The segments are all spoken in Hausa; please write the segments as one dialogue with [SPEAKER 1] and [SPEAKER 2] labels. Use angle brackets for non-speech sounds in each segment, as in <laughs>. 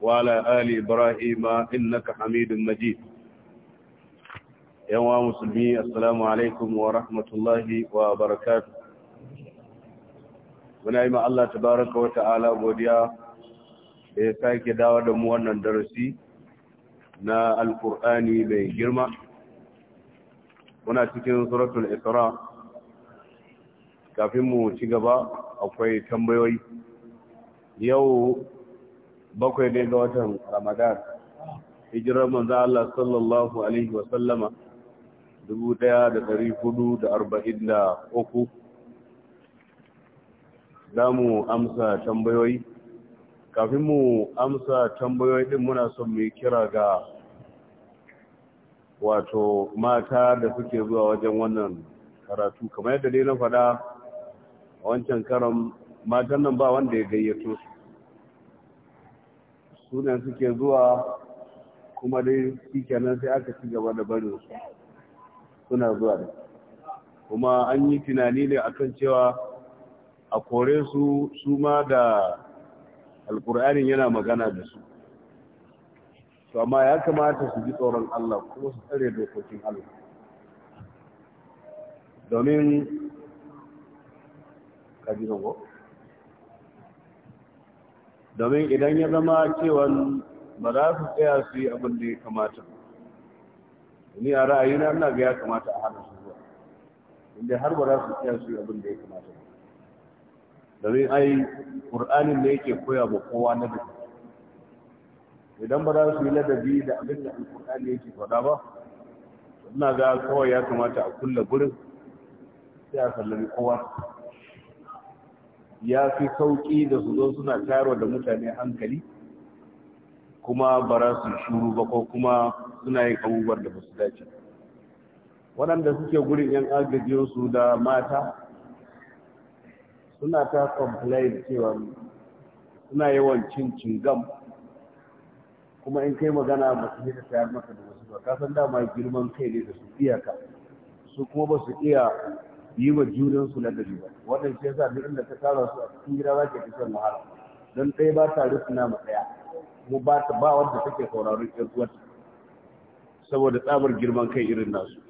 [SPEAKER 1] wala ali ibrahima innaka hamidun majid yawa muslimi assalamu alaikum wa rahmatullahi wa barakatuh muna yi ma Allah tabaraka wa ta'ala godiya da sake dawo da mu wannan darasi na Alkur'ani mai girma muna cikin suratul isra kafin mu ci gaba akwai tambayoyi yau bakwai ne ga watan ramadan hijirar manzo Allah sallallahu alaihi wa sallama da zamu amsa tambayoyi kafin mu amsa tambayoyi din muna son mu kira ga wato mata da suke zuwa wajen wannan karatu kamar yadda dai na faɗa a wancan karam matan nan ba wanda ya gayyato su suna suke zuwa kuma dai shi kenan sai aka ci gaba da barin su suna zuwa da kuma an yi tunani ne akan cewa a kore su su ma da alkur'anin yana magana da su to amma ya kamata su ji tsoron Allah kuma su tsare dokokin Allah domin kaji domin idan ya zama cewan ba za su tsaya su yi abin da ya kamata ni a ra'ayina ina ga ya kamata a hana su zuwa inda har ba za su tsaya su yi abin da ya kamata domin ai ƙur'anin da yake koya ba kowa na da idan ba za su yi ladabi da abin da alƙur'ani yake faɗa ba ina ga kawai ya kamata a kulle gurin sai a sallami kowa ya fi sauki da su zo suna taro da mutane hankali kuma ba za su shuru ba ko kuma suna yin abubuwan da ba su dace waɗanda suke gurin yan agajiyarsu da mata suna ta complain cewa suna yawan cin cingam kuma in kai magana ba su ta tayar maka da wasu ba kasan dama girman kai ne da su iyaka su kuma ba su iya yi wa su na gari ba wannan shi yasa duk inda ta tara su a cikin gida ba ke cikin wahala don ɗaya ba ta rufe na ɗaya kuma ba ta ba wanda take sauraron ƴan uwarta saboda tsabar girman kai irin nasu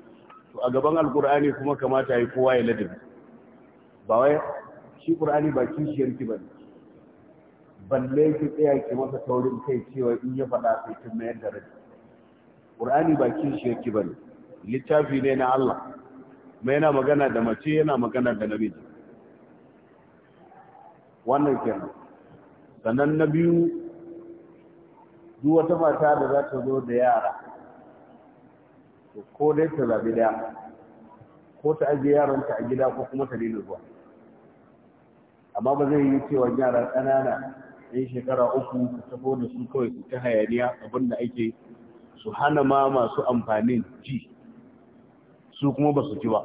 [SPEAKER 1] to a gaban alkur'ani kuma kamata yi kowa ya ladabi ba wai shi qur'ani ba kishiyar ki bane balle ki tsaya ki masa taurin kai cewa in ya faɗa sai kin mayar da rai qur'ani ba kishiyar ki bane littafi ne na Allah mai yana magana da mace yana magana da namiji wannan kenan sannan na biyu duk wata mata da za ta zo da yara ko dai ta zabi daya ko ta ajiye yaranta a gida ko kuma ta daina zuwa amma ba zai yi cewa yara ƙanana yan shekara uku ta tafi da su kawai su ta hayaniya abinda ake su hana ma masu amfanin ji su kuma ba su ci ba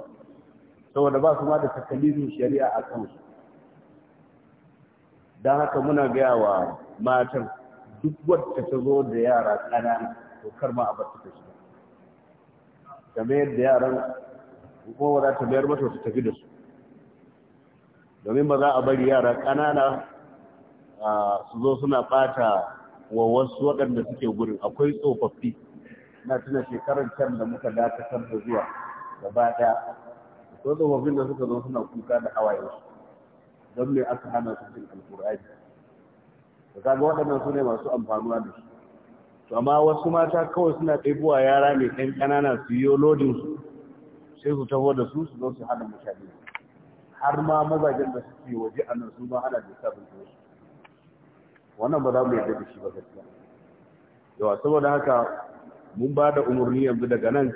[SPEAKER 1] saboda ba su ma da takalimin shari'a a kansu don haka muna gaya wa matan duk wadda ta zo da yara ƙanana to kar ma a bata ta shiga ta da yaran kuma za ta bayar mata su tafi da su domin ba za a bari yara ƙanana su zo suna ɓata wa wasu waɗanda suke gurin akwai tsofaffi na tuna shekarar can da muka dakatar da zuwa gaba ɗaya ko tsofaffin da suka zo suna kuka da hawaye don me aka hana su cin alkur'ani da kaga waɗannan su ne masu amfanuwa da shi to amma wasu mata kawai suna ɗaibuwa yara mai ɗan ƙanana su yi lodin su sai su taho da su su zo su hana mutane har ma mazajen da suke waje a nan su ma hana da bin su wannan ba za mu yarda da shi ba gaskiya yawa saboda haka mun ba da umarni yanzu daga nan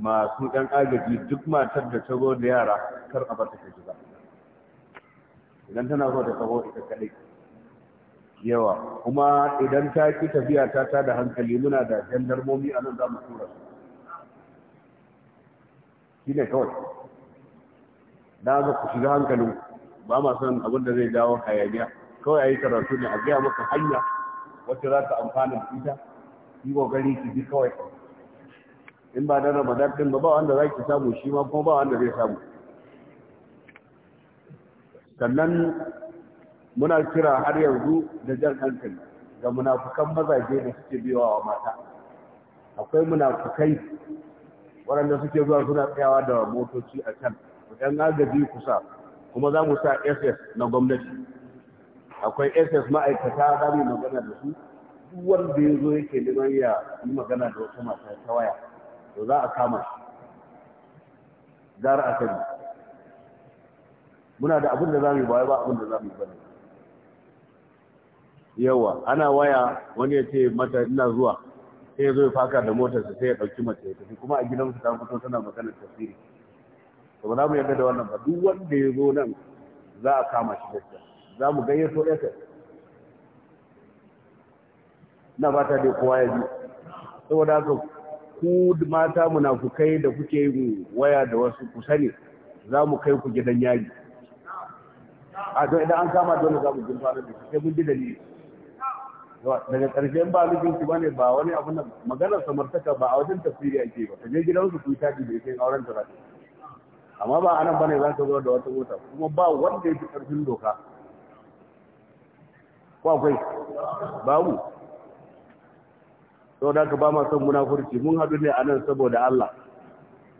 [SPEAKER 1] masu ɗan agaji duk matar da ta da yara kar a bar ta ta idan tana zo da tsawo ita kaɗai yawa kuma idan ta ki tafiya ta ta da hankali muna da jandarmomi a nan za mu tura su shi ne kawai na ga ku shiga hankalin ba ma son abin da zai dawo hayaniya kawai a yi karatu ne a gaya maka hanya wacce za ta amfana da ita yi gari ki bi kawai in ba da ramadan din ba ba wanda za ki samu shi ma kuma ba wanda zai samu sannan muna kira har yanzu da jan hankali ga munafukan mazaje da suke biyawa wa mata akwai munafukai waɗanda suke zuwa suna tsayawa da motoci a can ɗan agaji kusa kuma za mu sa ss na gwamnati akwai ss ma'aikata za mu magana da su duk wanda ya zo yake neman ya yi magana da wata mata ta waya to za a kama shi gara a sani muna da abin da za mu yi baya ba abin da za mu yi bane yawa ana waya wani ya ce mata ina zuwa sai ya zo ya faka da motarsa sai ya ɗauki mace ya tafi kuma a gidansu ta fito tana maganar tafsiri to ba za mu yarda da wannan ba duk wanda ya zo nan za a kama shi gaskiya za mu gayyato ɗaya na ba ta dai kowa ya ji saboda haka ku mata munafukai da kuke yin waya da wasu ku sani za mu kai ku gidan yari a don idan an kama dole za mu jin fara da sai mun ji dalili daga ƙarshe ba mijin ku bane ba wani abu nan maganar samartaka ba a wajen tafsiri ake ba kaje su ku tafi da kai auren ta amma ba anan bane za ka zo da wata mota kuma ba wanda yake ƙarfin doka ko akwai babu sau da ka ba ma son munafurci mun haɗu ne a nan saboda Allah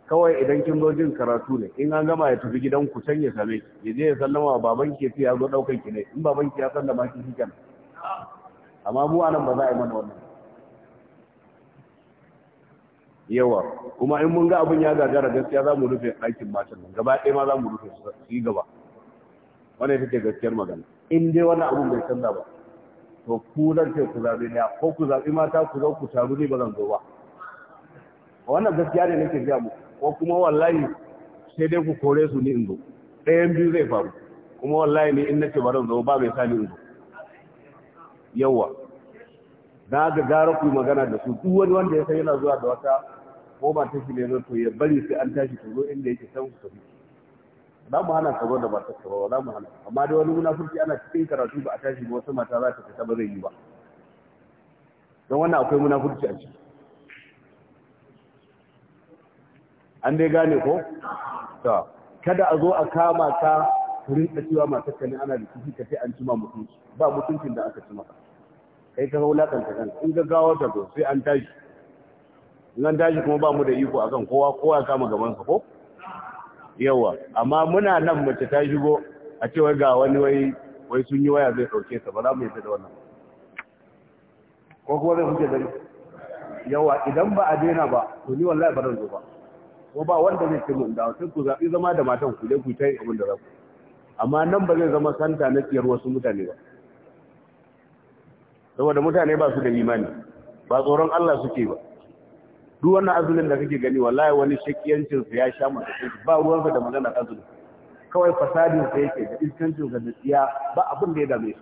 [SPEAKER 1] kawai idan kin zo jin karatu ne in an gama ya tafi gidan ku can ya same ya je ya sallama wa baban ki ya zo ɗaukar ki ne in baban ki ya sallama ki shi kan amma mu anan ba za a yi mana wannan yawa kuma in mun ga abin ya gagara gaskiya za mu rufe ɗakin matan nan gaba ɗaya ma za mu rufe su yi gaba wannan ita ce gaskiyar magana in dai wannan abin bai canza ba to ku zan ce ku zaɓi ne ko ku zaɓi mata ku zo ku taru ne ba zan zo ba wannan gaskiya ne nake gaya mu ko kuma wallahi sai dai ku kore su ni in zo ɗayan biyu zai faru kuma wallahi ne in nace ba zan zo ba bai sani in zo yawa na ga gara ku magana da su duk wani wanda ya san yana zuwa da wata ko ba ta shi ne to ya bari sai an tashi ku zo inda yake san ku tafi za mu hana ka zo da matar ba za mu hana amma da wani munafurci ana cikin karatu ba a tashi ba wasu mata za ta fita ba zai yi ba don wannan akwai munafurci a ciki an dai gane ko to kada a zo a kama ka rinka cewa masu kani ne ana da kifi ka sai an cima mutunci ba mutuncin da aka ci maka kai ka haula kan ka kan in gaggawa ta zo sai an tashi in an tashi kuma ba mu da iko akan kowa kowa ya kama gaban sa ko yawa amma muna nan mace ta shigo a cewa ga wani wai wai sun yi waya zai dauke ta, ba za mu yi da wannan ko kuma zai kuke gani yawa idan ba a daina ba to ni wallahi ba zan zo ba ko ba wanda zai ce mun da sai ku zabi zama da matan ku dai ku tayi abin da za ku amma nan ba zai zama santa na ciyar wasu mutane ba saboda mutane ba su da imani ba tsoron Allah suke ba duk wannan azumin da kake gani wallahi wani shakiyancin su ya sha mu ba ruwan da magana azumi kawai fasadin sa yake da iskancin sa da tsiya ba abin da ya dame shi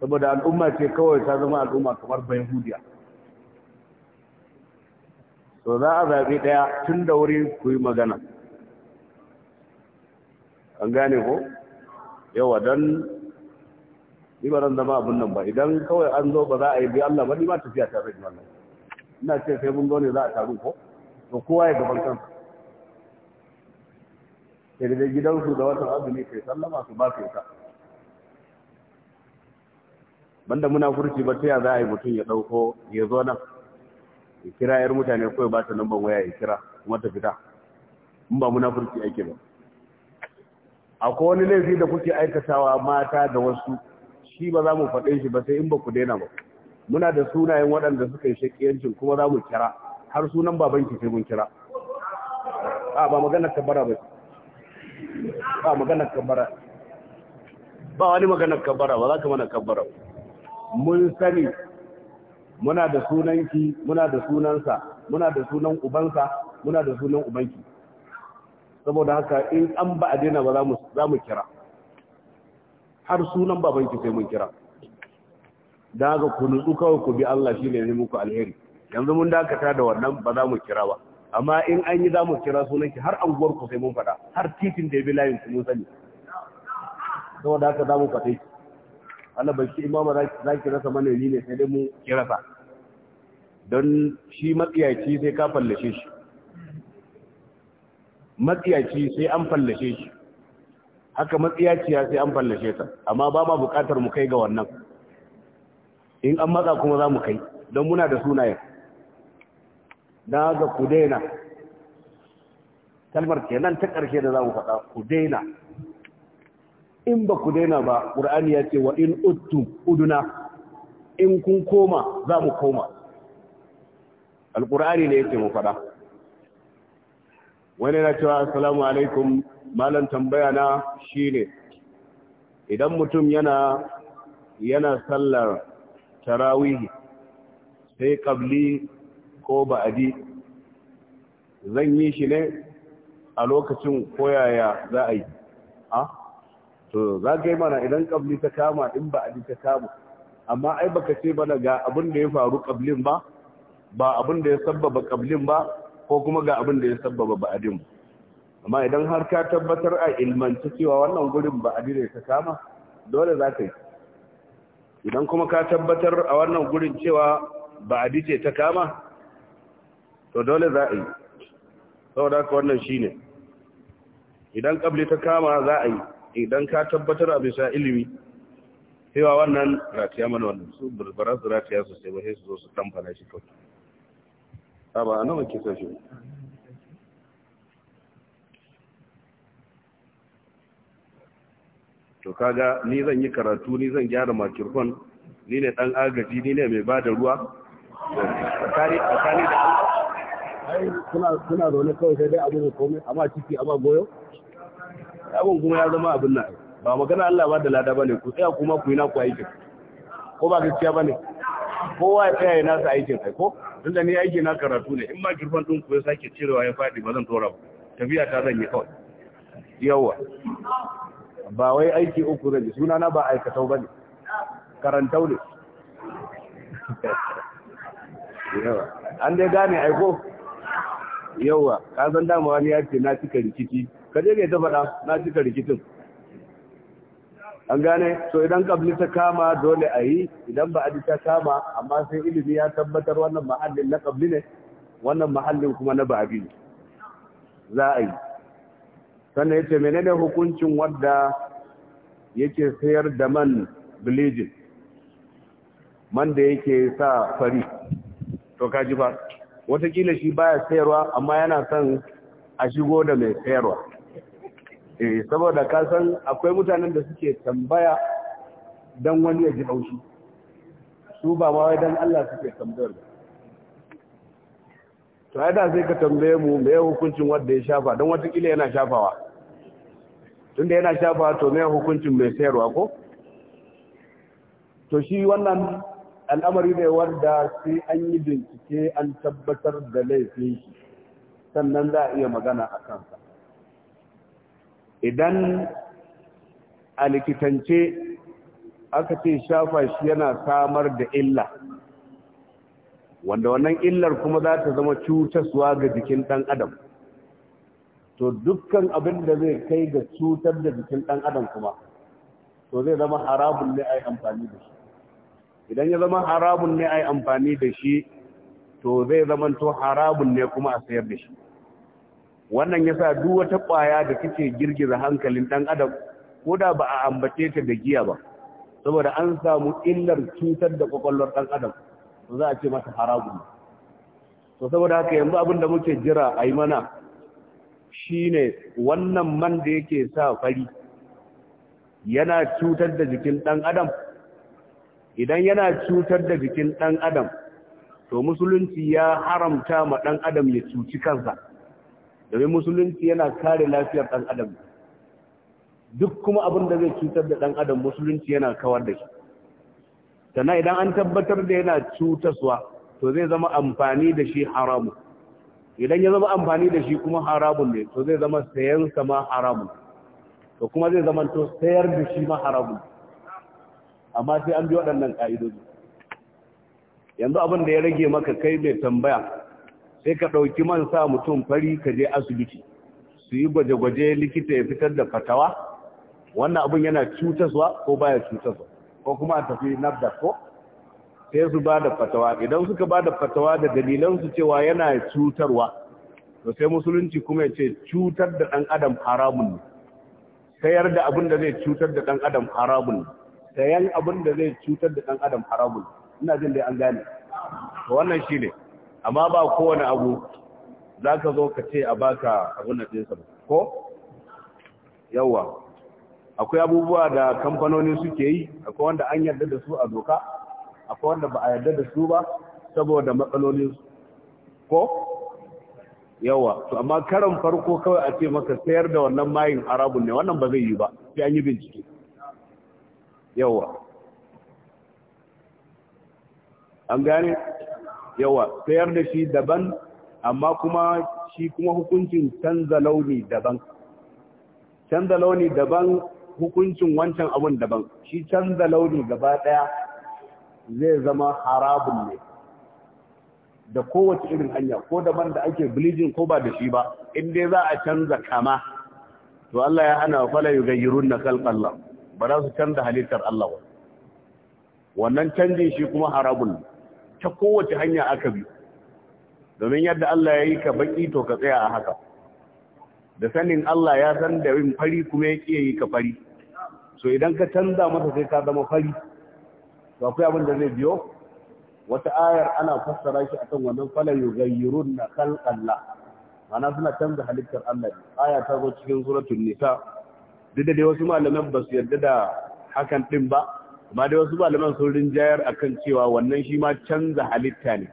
[SPEAKER 1] saboda al'umma ce kawai ta zama al'umma kamar bayhudiya to za a zabi daya tun da wuri ku yi magana an gane ko yawa don ni ba zan zama abin nan ba idan kawai an zo ba za a yi bi Allah ba ni ma tafiya ta rage wannan ina ce sai mun zaune za a taru ko to kowa ya gaban kansa sai da gidansu da watan azumi kai sallama su ba yi ta banda muna furci ba ta ya za a yi mutum ya dauko ya zo nan ya kira yar mutane ko ya ba ta lambar waya ya kira kuma ta fita in ba muna furci ake ba akwai wani laifi da kuke aikatawa mata da wasu shi ba za mu faɗe shi ba sai in ba ku daina ba muna da sunayen waɗanda suka yi shaƙiyancin kuma za mu kira har sunan babanki sai mun kira a ba maganar kabara ba ba maganar kabara ba wani maganar kabara ba za ka mana kabara mun sani muna da sunanki muna da sunansa muna da sunan ubansa muna da sunan ubanki saboda haka in an ba a dina ba za mu kira har sunan babanki sai mun kira daga ku nutsu kawai ku bi Allah shi ne zai muku alheri yanzu mun dakata da wannan ba za mu kira ba amma in an yi za mu kira sunan ki har anguwar ku sai mun faɗa har titin da ya bi layin ku mun sani saboda haka za mu faɗe shi Allah bai shi imama za ki rasa manomi ne sai dai mu kirasa don shi matsiyaci sai ka fallashe shi matsiyaci sai an fallashe shi haka matsiyaciya sai an fallashe ta amma ba ma bukatar mu kai ga wannan in an matsa kuma za mu kai don muna da sunayen na ga ku kalmar ke nan ta ƙarshe da za mu faɗa ku in ba ku ba ƙur'ani ya ce wa in uttu uduna in kun koma za mu koma alƙur'ani ne ya ce mu faɗa wani na cewa assalamu alaikum malam tambaya na shi ne. idan mutum yana yana sallar tarawihi sai ƙabli ko ba'adi zan yi shi ne a lokacin koyaya za a yi a to za ka yi mana idan ƙabli ta kama in ba'adi ta kama amma ai baka ce bana ga abin da ya faru ƙablin ba ba abin da ya sabbaba ƙablin ba ko kuma ga abin da ya sabbaba ba'adin ba amma idan har ka tabbatar a ilmanci cewa wannan gurin ba'adi ne ta kama dole za ka yi idan kuma ka tabbatar a wannan gurin cewa ba a dice ta kama to dole za a yi saboda ka wannan shi ne. idan kabli ta kama za a yi idan ka tabbatar a bisa ilimi cewa wannan ratiya mana wannan su burbara su ratiya su sai ba sai su zo su tamfana shi kawai ba a nawa kisa shi to kaga ni zan yi karatu ni zan gyara makirfon ni ne dan agaji ni ne mai ba da ruwa tsakani da kuna kuna zaune kawai sai dai abu ne komai amma ciki amma goyo abin kuma ya zama abin nan ba magana Allah ba da lada bane ku tsaya kuma ku yi naku aikin ko ba gaskiya bane kowa ya tsaya yana sa aikin kai ko tunda ni aiki na karatu ne in ma girfan din ku ya sake cirewa ya fadi ba zan tora ba tafiya ta zan yi kawai yawa ba wai aiki uku ne suna na ba aikatau ba ne karantau ne
[SPEAKER 2] Yawa. an dai gane aiko
[SPEAKER 1] Ka san dama wani ya ce na cika rikici je ne ta faɗa na cika rikicin an gane so idan kabli ta kama dole a yi idan ba a ji ta kama amma sai ilimi ya tabbatar wannan mahallin na kabli ne wannan mahallin kuma na ba'abi ne za a yi sannan yace menene hukuncin wadda yake sayar da man bleeding man da yake sa fari to kaji ba watakila shi baya sayarwa amma yana son a shigo da mai sayarwa eh saboda ka san akwai mutanen da suke tambaya dan wani ya ji haushi su ba ma wai dan Allah suke tambayar to ai da sai ka tambaye mu me hukuncin wanda ya shafa don watakila yana shafawa tunda yana shafawa to me hukuncin mai sayarwa ko to shi wannan al'amari ne wanda sai an yi bincike an tabbatar da laifin shi sannan za a iya magana a kansa idan a likitance aka ce shafa shi yana samar da illa wanda wannan illar kuma za ta zama suwa ga jikin ɗan adam to dukkan abin da zai kai ga cutar da jikin ɗan adam kuma to zai zama harabun ne a yi amfani da shi idan ya zama harabun ne a yi amfani da shi to zai zama to harabun ne kuma a sayar da shi wannan ya sa duk wata ƙwaya da kake girgiza hankalin ɗan adam ko da ba a ambace ta da giya ba saboda an samu illar cutar da ƙwaƙwalwar ɗan adam to za a ce mata haragu to saboda haka yanzu abin da muke jira a mana shine wannan man da yake sa fari yana cutar da jikin ɗan adam idan yana cutar da jikin ɗan adam to musulunci ya haramta ma ɗan adam ya cuci kansa domin musulunci yana kare lafiyar ɗan adam duk kuma abin da zai cutar da ɗan adam musulunci yana kawar da shi Tana idan an tabbatar da yana cutaswa to zai zama amfani da shi haramu idan ya zama amfani da shi kuma haramun ne to zai zama sayan ma haramun to kuma zai zama to sayar da shi ma haramun amma sai an bi waɗannan ƙa'idoji yanzu abin da ya rage maka kai mai tambaya sai ka ɗauki man sa mutum fari ka je asibiti su yi gwaje-gwaje likita ya fitar da fatawa wannan abin yana cutaswa ko baya cutaswa ko kuma a tafi nafda ko sai su ba da fatawa idan suka ba da fatawa da dalilansu cewa yana cutarwa to sai musulunci kuma ya ce cutar da ɗan adam haramun ne sayar da abin da zai cutar da ɗan adam haramun ne sayan abin da zai cutar da ɗan adam haramun ne ina jin dai an gane to wannan shi ne amma ba kowane abu za ka zo ka ce a baka abin da ɗinsa ko yawwa akwai abubuwa da kamfanoni suke yi akwai wanda an yarda da su a doka akwai wanda ba a yarda da su ba saboda matsalolin ko yawa to amma karan farko kawai a ce maka sayar da wannan mayin arabun ne wannan ba zai yi ba sai an yi bincike yawa an gane yawa sayar da shi daban amma kuma shi kuma hukuncin canza launi daban canza launi daban hukuncin wancan abun daban shi canza launi gaba daya zai zama harabun ne da kowace irin hanya ko daban da ake bleeding ko ba da shi ba in dai za a canza kama to Allah ya hana fala yughayyirun na khalqallah ba za su canza halittar Allah ba wannan canjin shi kuma harabun ta kowace hanya aka bi domin yadda Allah ya yi ka baki to ka tsaya a haka da sanin Allah ya san da yin fari kuma ya kiyaye ka fari so idan ka canza masa sai ka zama fari to akwai abin da zai biyo wata ayar ana fassara shi akan wannan yughayyirun na khalqalla ana suna canza halittar Allah aya ta zo cikin suratul nisa duk da dai wasu malaman ba su yarda da hakan din ba amma dai wasu malaman sun rinjayar akan cewa wannan shi ma canza halitta ne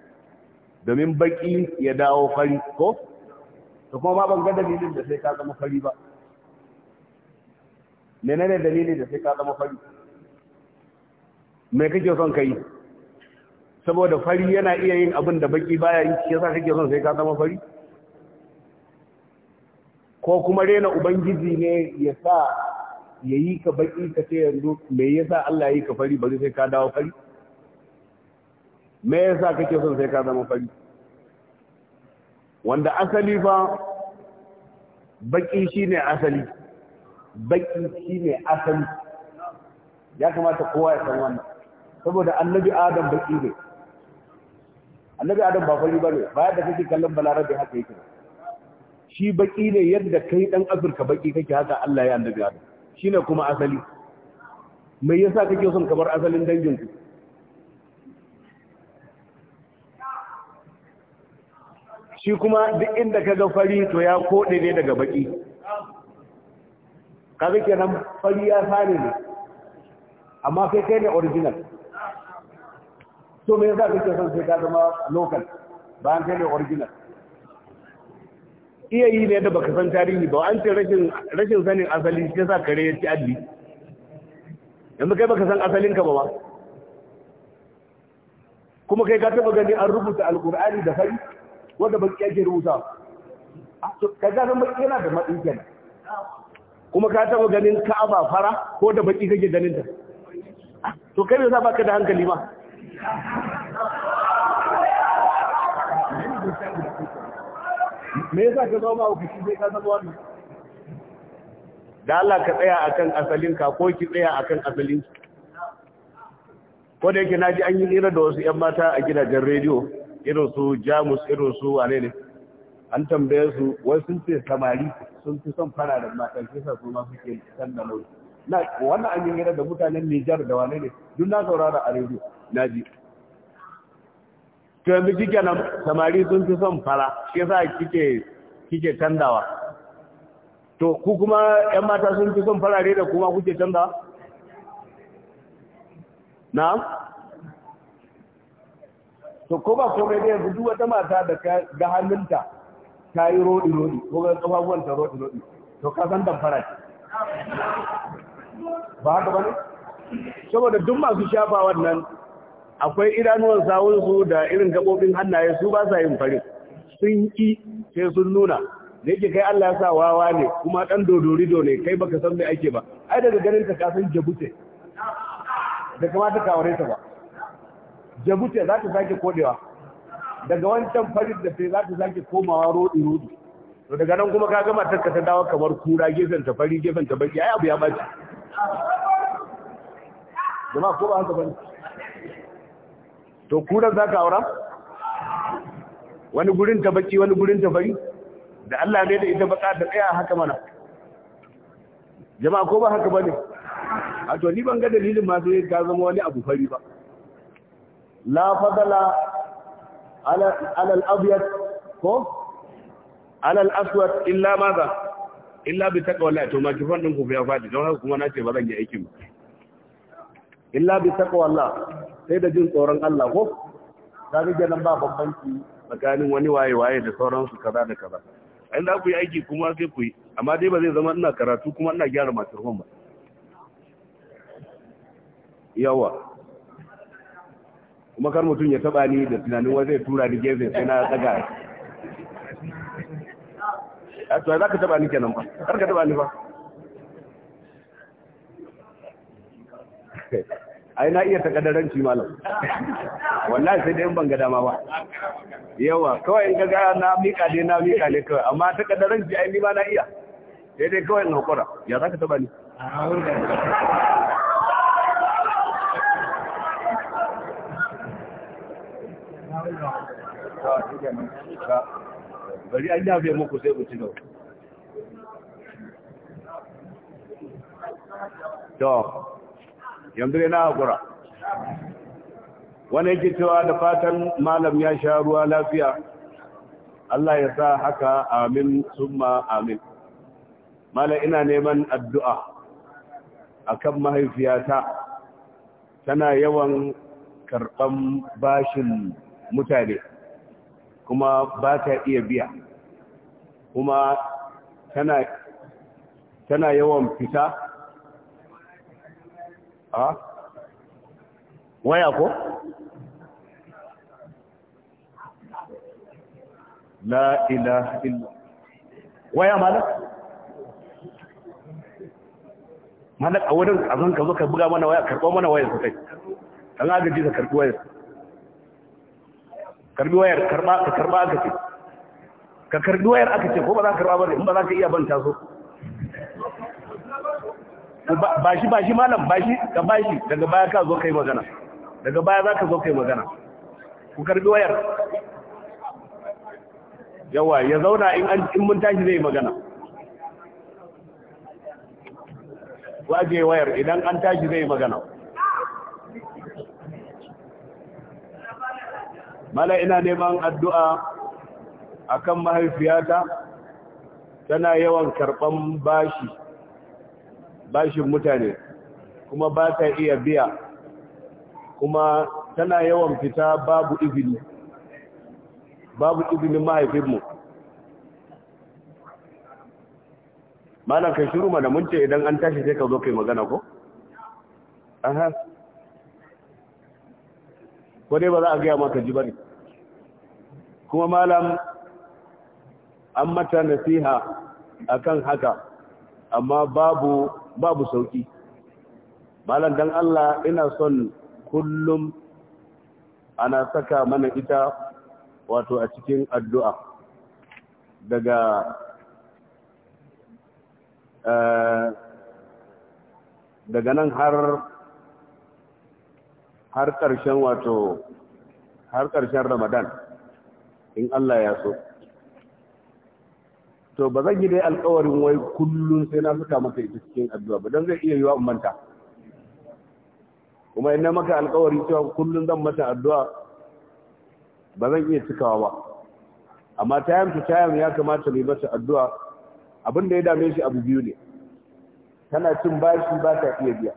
[SPEAKER 1] domin baki ya dawo fari ko to kuma ma ban ga dalilin da sai ka zama fari ba menene dalilin da sai ka zama fari me kake son ka yi saboda fari yana iya yin abin da baki baya yi yasa kake son sai ka zama fari ko kuma rena ubangiji ne ya sa ya yi ka baki ka ce yanzu me yasa Allah ya yi ka fari bari sai ka dawo fari me yasa kake son sai ka zama fari wanda asali ba, baki shine asali baki shine asali ya kamata kowa ya san wannan saboda annabi adam baki ne annabi adam ba fari bane baya da kake kallon balarabe haka yake shi baki ne yadda kai dan afirka baki kake haka Allah ya annabi adam shine kuma asali me yasa kake son kamar asalin danginku shi kuma duk inda ka ga fari to ya koɗe ne daga baki ke nan fari ya sare ne amma kai kai ne original to me yasa kake son sai ka zama local an kai ne original iya yi ne da baka san tarihi ba an ce rashin rashin sanin asali sai sa kare ya ci addi yanzu kai baka san asalin ka ba ba kuma kai ka taba gani an rubuta alkur'ani da fari wanda baki yake rubuta ka ga nan baki yana da matsin kenan kuma ka taba ganin ka'aba fara ko da baki kake ganin ta to kai yasa baka da hankali ba. me yasa ka zama ku shi sai ka zama wani? da Allah ka tsaya akan asalin ka ko ki tsaya akan asalin ko da yake naji an yi hira da wasu 'yan mata a gidajen rediyo irin su jamus irin su a ne an tambaye su wai sun ce samari sun fi son fara da matan kisa su ma suke san da nauyi na wannan an yi da mutanen Nijar da wane ne duk na saurara a rediyo na ji to yanzu kike nan samari sun fi son fara shi yasa kike kike tandawa to ku kuma yan mata sun fi son farare da kuma kuke tandawa na'am to ko ba komai da yanzu duk wata mata da ga hannunta ta yi rodi rodi ko ga kafafuwan ta rodi rodi to ka san fara ce ba haka bane saboda duk masu shafa wannan akwai idanuwan sawun su da irin gabobin hannaye su ba sa yin farin sun yi sai sun nuna da yake kai Allah ya sa wawa ne kuma dan dodorido ne kai baka san me ake ba ai daga ganin ka san jabute da kamata ka aure ta ba jabuce za ta sake kodewa daga wancan farin da sai za ta sake komawa rodi rodi to daga nan kuma ka gama tarka dawa kamar kura gefen ta fari gefen ta baki ai abu ya baci jama'a ko ba haka bane to kuran za ka aura wani gurin ta baki wani gurin ta fari da Allah ne da ita baka ta tsaya haka mana jama'a ko ba haka bane a to ni ban ga dalilin ma sai ka zama wani abu fari ba لا فضل على على الابيض ko ala al-aswad illa madha illa bi taqwallah to ma kifan din ku ya fadi don haka kuma nace ba zan yi aikin ba illa bi sai da jin tsoron Allah ko kaga kenan ba bambanci tsakanin wani waye waye da sauransu kaza da kaza in za ku yi aiki kuma sai ku yi amma dai ba zai zama ina karatu kuma ina gyara matarfon ba yawa kuma kar mutum ya taba ni da tunanin wai zai tura ni gefe sai na tsaga
[SPEAKER 2] a tsaye za ka taba ni kenan ba kar ka
[SPEAKER 1] taba ni ba ai na iya takaddaranci malam
[SPEAKER 2] wallahi sai dai in ban ga dama ba
[SPEAKER 1] yawa kawai in gaga na mika dai na mika ne kawai amma takaddaranci ai ni ba na iya sai dai kawai in hakura ya za ka taba ni bari an yafe muku sai ku ci gaba to yanzu ne na hakura wani yake cewa da fatan malam ya sha ruwa lafiya Allah ya sa haka amin summa amin malam ina neman addu'a akan mahaifiyata tana yawan karɓan bashin mutane kuma ba ta iya biya kuma tana tana yawan fita a waya ko la ilaha illa waya malak malak a wurin azan ka zo ka buga mana waya karɓo mana wayar su kai an agaji ka karɓi wayar karbi wayar karba ka karba aka ce ka karbi wayar aka ce ko ba za ka karba ba in ba za ka iya banta so ba shi ba shi malam ba shi ka ba shi daga baya ka zo kai magana daga baya za ka zo kai magana ku karbi wayar yawa ya zauna in an in mun tashi zai magana waje wayar idan an tashi zai magana mala ina neman addu'a akan mahaifiyata tana yawan karɓan bashi bashin mutane kuma ba ta iya biya kuma tana yawan fita babu izini babu izinin mahaifinmu malam kai shiru mana mun ce idan an tashi sai ka zo kai magana ko aha ko dai ba za a gaya maka ji ba ne kuma malam an mata nasiha akan haka amma babu babu sauki malam dan Allah ina son kullum ana saka mana ita wato a cikin addu'a daga eh, daga nan har har ƙarshen wato har ƙarshen ramadan in Allah ya so to ba zan yi dai alƙawarin wai kullum sai na saka maka ita cikin addu'a ba don zai iya yiwa in manta kuma ina maka alƙawari cewa kullum zan mata addu'a ba zan iya cikawa ba amma tayam ta tayam ya kamata mu mata addu'a abinda ya dame shi abu biyu ne tana cin bashi ba ta iya biya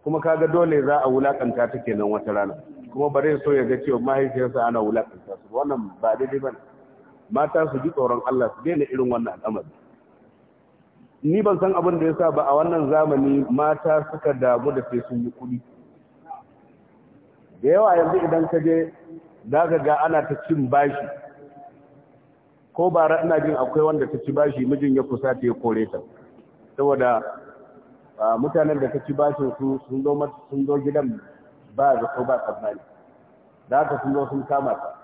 [SPEAKER 1] kuma kaga dole za a wulakanta ta kenan wata rana kuma bare so ya ga cewa mahaifiyarsa ana wulakanta su wannan ba daidai ba mata su ji tsoron Allah su daina irin wannan al'amari ni ban san abin da yasa ba a wannan zamani mata suka damu da sai sun yi kuɗi da yawa yanzu idan ka je za ka ga ana ta cin bashi ko ba ra ina jin akwai wanda ta ci bashi mijin ya kusa ta ya kore ta saboda mutanen da ta ci bashin su sun zo sun zo gidan ba ko ba tsammani da haka sun zo sun kama ta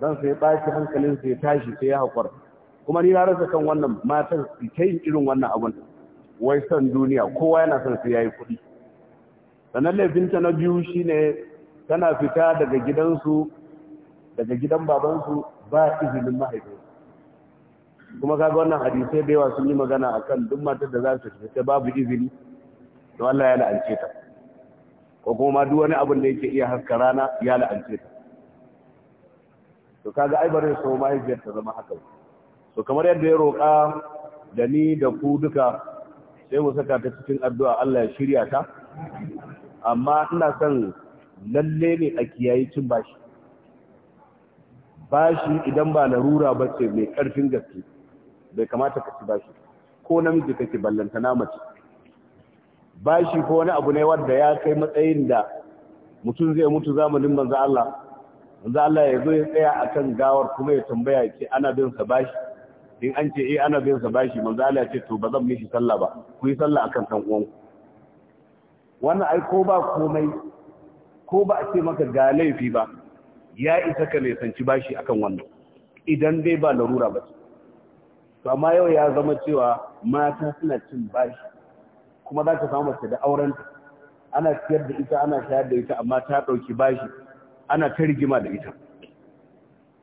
[SPEAKER 1] ran sai ɓaci hankalin sai tashi sai ya haƙura kuma ni na rasa kan wannan matan kai irin wannan abun wai son duniya kowa yana son sai yayi yi kuɗi sannan ta na biyu shine tana fita daga gidansu daga gidan babansu ba izinin mahaifinsu kuma kaga wannan hadisai da yawa sun yi magana akan duk matar da za su tafi ta babu izini to Allah ya la'ance ta ko kuma duk wani abin da yake iya haska rana ya la'ance ta to kaga ai bare so mahaifiyar ta zama haka To kamar yadda ya roƙa da ni da ku duka sai mu saka ta cikin addu'a Allah ya shirya ta amma ina son lalle ne a kiyaye cin bashi bashi idan ba larura ba ce mai karfin gaske bai kamata ka ci bashi ko namiji kake ballanta na mace bashi ko wani abu ne wanda ya kai matsayin da mutum zai mutu zamanin manzo Allah manzo Allah ya zo ya tsaya akan gawar kuma ya tambaya ki ana bin sa bashi in an ce eh ana bin sa bashi manzo Allah ya ce to ba zan mishi sallah ba ku yi sallah akan san uwanku wannan ai ko ba komai ko ba a ce maka ga laifi ba ya isa ka ne sanci bashi akan wannan idan dai ba larura ba ce to amma yau ya zama cewa mata suna cin bashi kuma za ka samu mace da auren ana siyar da ita ana shayar da ita amma ta ɗauki bashi ana ta rigima da ita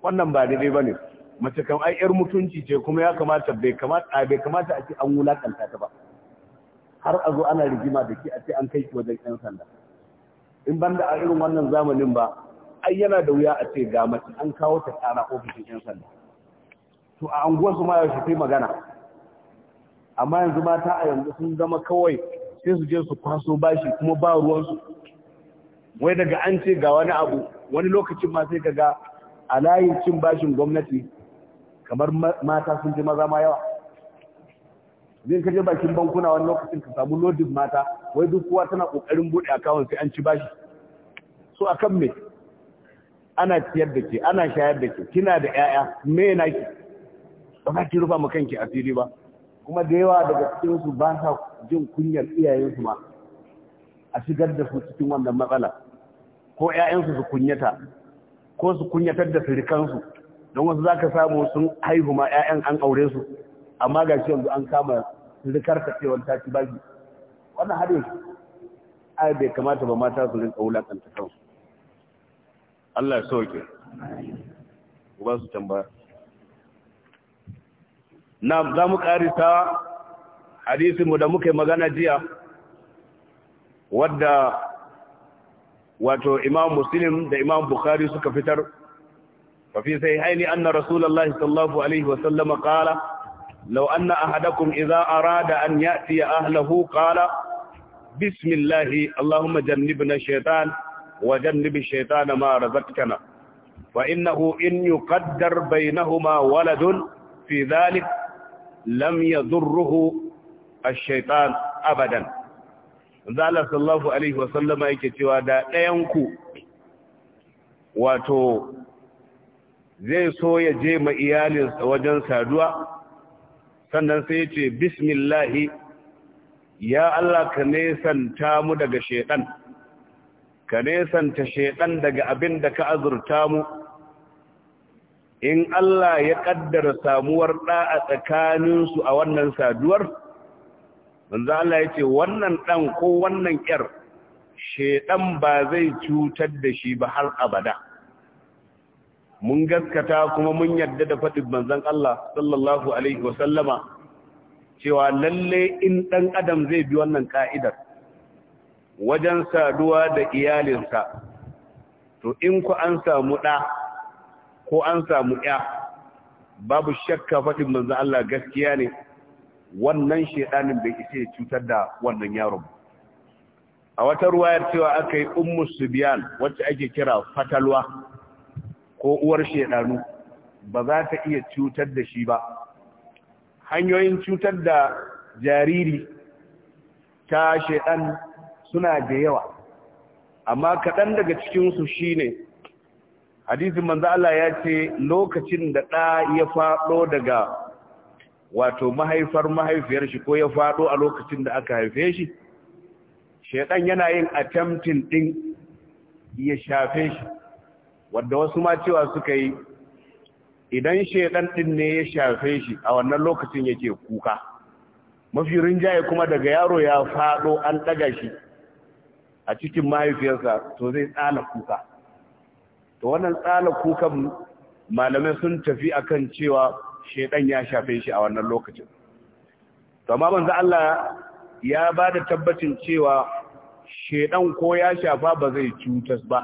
[SPEAKER 1] wannan ba daidai ba ne mace kan ai yar mutunci ce kuma ya kamata bai kamata bai kamata a ce an wulakanta ta ba har a zo ana rigima da ke a ce an kai ki wajen yan sanda in banda a irin wannan zamanin ba ai yana da wuya a ce ga mace an kawo ta tsara ofishin yan sanda to a anguwarsu ma yaushe kai magana amma yanzu mata a yanzu sun zama kawai sai su je su kwaso bashi kuma ba ruwansu wai daga an ce ga wani abu wani lokacin ma sai kaga a layin cin bashin gwamnati kamar mata sun ji maza ma yawa zai kaje bakin bankuna wani lokacin ka samu lodin mata wai duk kowa tana kokarin bude akawun sai an ci bashi so akan me ana ciyar da ke ana shayar da ke kina da 'ya'ya me naki ba za ki rufa ma kanki asiri ba kuma da yawa daga cikin su ba sa jin kunyar iyayensu ma a shigar da su cikin wannan matsala ko ƴaƴansu su kunyata ko su kunyatar da su don wasu za ka samu sun haihu ma ƴaƴan an aure su amma ga shi yanzu an kama sirikar ka cewa ta ci baki wannan har yanzu ai bai kamata ba mata su rinka wulakanta kansu Allah ya sauke. Uba su tambaya. na za mu karisa hadisinmu da muka magana jiya wadda wato imam muslim da imam bukhari suka fitar fafi sai haini anna rasulullahi sallallahu alaihi wasallama qala law anna ahadakum idza arada an ya'ti ahlihi qala bismillah allahumma jannibna shaytan wa jannibi shaitana ma razaqtana fa innahu in yuqaddar bainahuma waladun fi dhalik lam yadurruhu ash-shaytan abadan zalla sallallahu alaihi yake cewa da ɗayanku. ku wato zai so ya je ma iyalinsa wajen saduwa sannan sai yace ce bismillahi ya Allah ka nesanta mu daga shaidan ka nesanta shaiɗan daga abin da ka azurta mu in Allah ya kaddara samuwar ɗa a tsakaninsu a wannan saduwar manzo Allah ya ce wannan ɗan ko wannan ƙyar shedan ba zai cutar da shi ba har abada mun gaskata kuma mun yarda da faɗin manzon Allah sallallahu alaihi wasallama cewa lalle in ɗan adam zai bi wannan ka'idar wajen saduwa da iyalinsa to in ku an samu ɗa ko an samu ya babu shakka faɗin manzo Allah gaskiya ne wannan shedanin bai isa cutar da wannan yaron a wata ruwayar cewa aka yi ummu subyan wacce ake kira fatalwa ko uwar shedanu ba za ta iya cutar da shi ba hanyoyin cutar da jariri ta shedan suna da yawa amma kaɗan daga cikinsu shine hadisin manzo Allah ya ce lokacin da ɗa ya faɗo daga wato mahaifar mahaifiyar shi ko ya faɗo a lokacin da aka haife shi shedan yana yin attempting din ya shafe shi wanda wasu ma cewa suka yi idan shedan din ne ya shafe shi a wannan lokacin yake kuka mafi rinjaye kuma daga yaro ya faɗo an ɗaga shi a cikin mahaifiyarsa to zai tsala kuka to wannan tsala kukan malamai sun tafi akan cewa shedan ya shafe shi a wannan lokacin to amma manzo Allah ya ba da tabbacin cewa shedan ko ya shafa ba zai cutas ba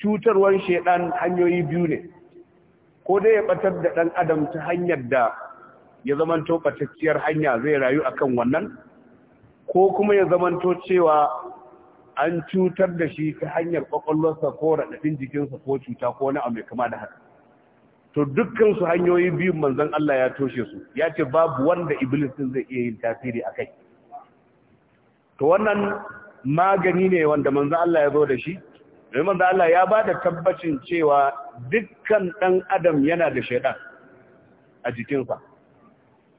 [SPEAKER 1] cutarwar shedan hanyoyi biyu ne ko dai ya batar da dan adam ta hanyar da ya zamanto batacciyar hanya zai rayu akan wannan ko kuma ya zamanto cewa an cutar da shi ta hanyar kwakwalwarsa ko raɗaɗin jikinsa ko cuta ko na mai kama da haka to dukkan su hanyoyi biyu manzan Allah ya toshe su ya ce babu wanda iblis ɗin zai iya yin tasiri a kai to wannan magani ne wanda manzan Allah ya zo da shi domin manzan Allah ya ba da tabbacin cewa dukkan ɗan adam yana da shaidan a jikinsa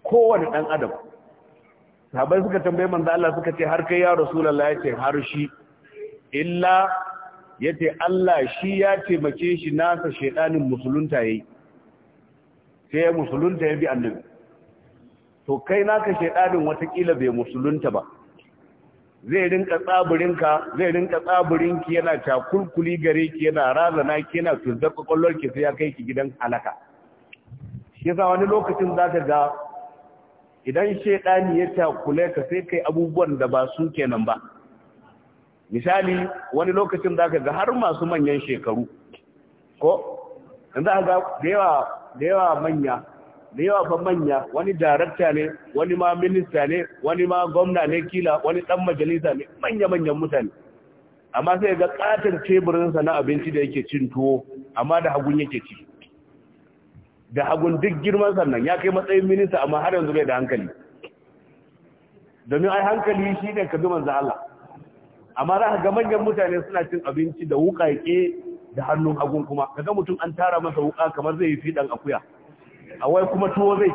[SPEAKER 1] kowane ɗan adam sahabai suka tambaye manzan Allah suka ce har kai ya rasulullahi ya ce har shi illa yace Allah shi ya taimake shi nasa shedanin musulunta yayi sai musulunta ya bi annabi to kai naka shedanin watakila bai musulunta ba zai rinka tsaburinka zai rinka tsaburinki yana takulkuli gare ki yana razana ki yana tuzzar ki sai ya kai ki gidan halaka shi yasa wani lokacin za ka ga idan shaidani ya takule ka sai kai abubuwan da ba su kenan ba misali wani lokacin za ka ga har masu manyan shekaru ko yanzu a ga da yawa manya da fa manya wani darakta ne wani ma minister ne wani ma gwamna ne kila wani dan majalisa ne manya-manyan mutane amma sai ga katin teburinsa na abinci da yake cin tuwo amma da hagun yake ci da hagun duk girman sannan ya kai matsayin minista amma har yanzu bai da hankali domin ai hankali shi ne ka bi manzo Allah amma za ka ga manyan mutane suna cin abinci da wuƙaƙe da hannun hagu. kuma kaga mutum an tara masa wuƙa kamar zai yi fiɗan akuya a wai kuma tuwo zai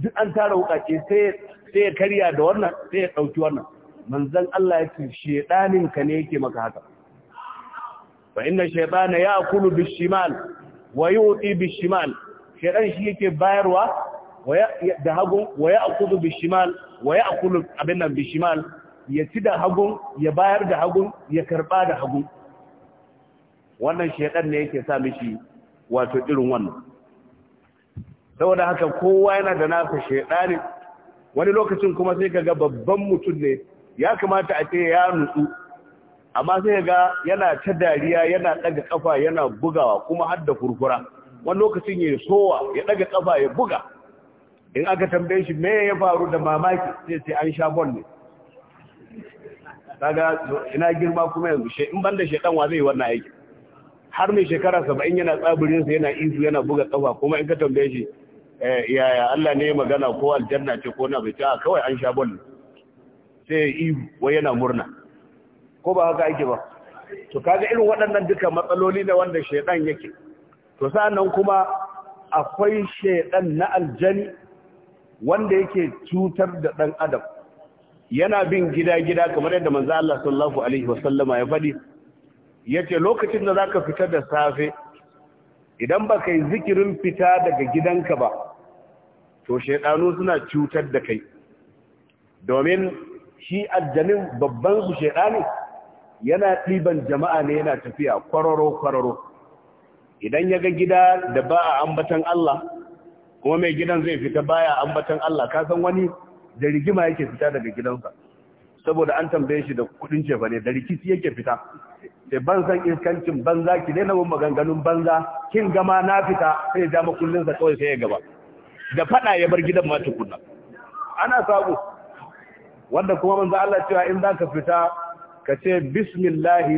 [SPEAKER 1] duk an tara wuƙaƙe sai ya karya da wannan sai ya ɗauki wannan manzan Allah ya ce shedanin ka ne yake maka haka fa inna shaytana Kulu bishimal wa yu'ti bishimal shedan shi yake bayarwa da hagun wa ya'kulu bishimal wa ya'kulu abin nan bishimal ya ci da hagun ya bayar da hagun ya karba da hagun wannan shekar ne yake sa mishi wato irin wannan saboda haka kowa yana da nasa ne. wani lokacin kuma sai kaga babban mutum ne ya kamata a ce ya nutsu amma sai ga yana ta dariya yana daga kafa yana bugawa kuma har da furfura. wani lokacin ya sowa ya daga kafa ya buga in aka tambaye shi me ya faru da mamaki sai sai an sha bol ne kaga ina girma kuma yanzu she in banda shedan wa zai wannan aiki har mai shekara 70 yana tsaburin sa yana izu yana buga kafa kuma in ka tambaye shi eh yaya Allah ne magana ko aljanna ce ko na bai ta kawai an sha bol sai izu wai yana murna ko ba haka ake ba to kaga irin waɗannan duka matsaloli ne wanda shedan yake to sa'annan kuma akwai shedan na aljani wanda yake cutar da dan adam yana bin gida-gida kamar yadda manzo Allah sallallahu alaihi wasallama ya faɗi yace lokacin da zaka fita da safe idan ba kai zikirin fita daga gidanka ba to shaidanu suna cutar da kai domin shi aljanin babban su yana ɗiban jama'a ne yana tafiya kwararo-kwararo idan ya ga gida da ba a ambatan Allah kuma mai gidan zai fita baya ambatan Allah ka san wani da rigima yake fita daga gidansa saboda an tambaye shi da kudin cefa ne da rikici yake fita sai ban san iskancin banza ki daina bin maganganun banza kin gama na fita sai ja makullin sa kawai sai ya gaba da fada ya bar gidan ma tukunna ana sabu wanda kuma manzo Allah cewa in zaka fita ka ce bismillah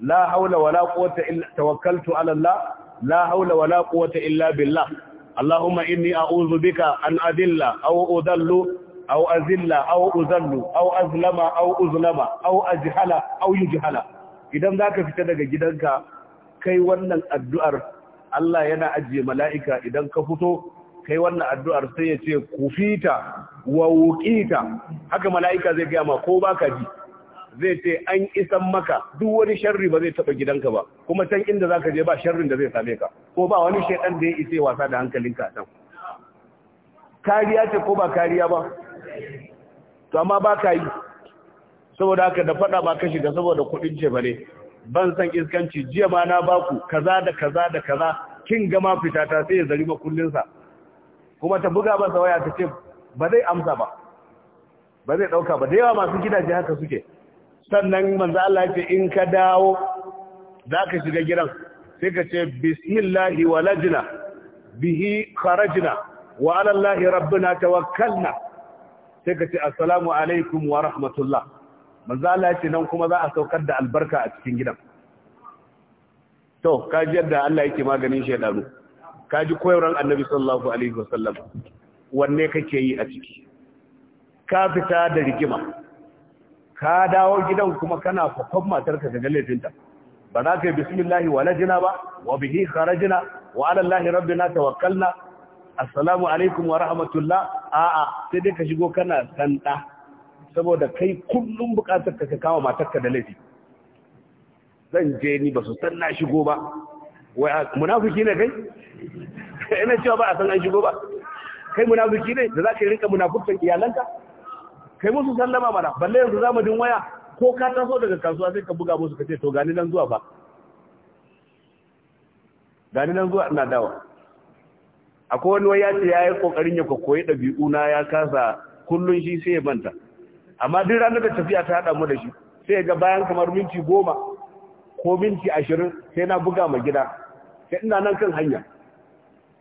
[SPEAKER 1] la haula wala quwwata illa tawakkaltu ala Allah la haula wala quwwata illa billah اللهم inni أعوذ بك أن أذل أو أذل أو أذل أو أذل أو idan zaka fita daga gidanka kai wannan addu'ar Allah yana ajiye mala'ika idan ka fito kai wannan addu'ar sai ya ce kufita wa wuqita haka mala'ika zai gaya ma ko baka ji zai ce an isan maka duk wani sharri ba zai taba gidanka ba kuma can inda zaka je ba sharrin da zai same ka ko ba wani shaidan da ya isa wasa da hankalinka can kariya ce ko ba kariya ba to amma ba ka yi saboda haka da fada ba ka shiga saboda kudin ce bane ban san iskanci jiya ma na baku kaza da kaza da kaza kin gama fita ta sai ya zari kullun sa kuma ta buga masa waya ta ce ba zai amsa ba ba zai dauka ba da yawa masu gidaje haka suke sannan manzo Allah ce in ka dawo zaka shiga gidan sai ka ce wa lajna bihi kharajna wa ala Allah rabbuna tawakkalna sai ka ce assalamu alaikum wa rahmatullah manzo Allah ce nan kuma za a saukar da albarka a cikin gidan to kaji yadda Allah yake maganin shedanu kaji koyarwar annabi sallallahu alaihi wasallam wanne kake yi a ciki ka fita da rigima ka dawo gidan kuma kana kwakwan matarka ga laifinta ba za ka yi bismillahi lajina ba wa bihi kharajina wa ala allahi rabbina tawakkalna assalamu alaikum wa rahmatullah a'a sai dai ka shigo kana sanda saboda kai kullum bukatar ka ka kawo matarka da laifi zan je ni ba su san na shigo ba wai ah, munafiki ne kai <laughs> ina cewa ba a san an shigo ba kai munafiki ne da za ka yi rinka munafukan iyalanka kai musu sallama mana balle yanzu din waya ko ka taso daga kasuwa sai ka buga musu kace to gani nan zuwa ba gani nan zuwa ina dawa akwai wani waya ce yayi kokarin ya kokoyi dabi'u na ya kasa kullun shi sai ya manta amma duk ranar da tafiya ta hada mu da shi sai ga bayan kamar minti goma ko minti ashirin sai na buga ma gida sai ina nan kan hanya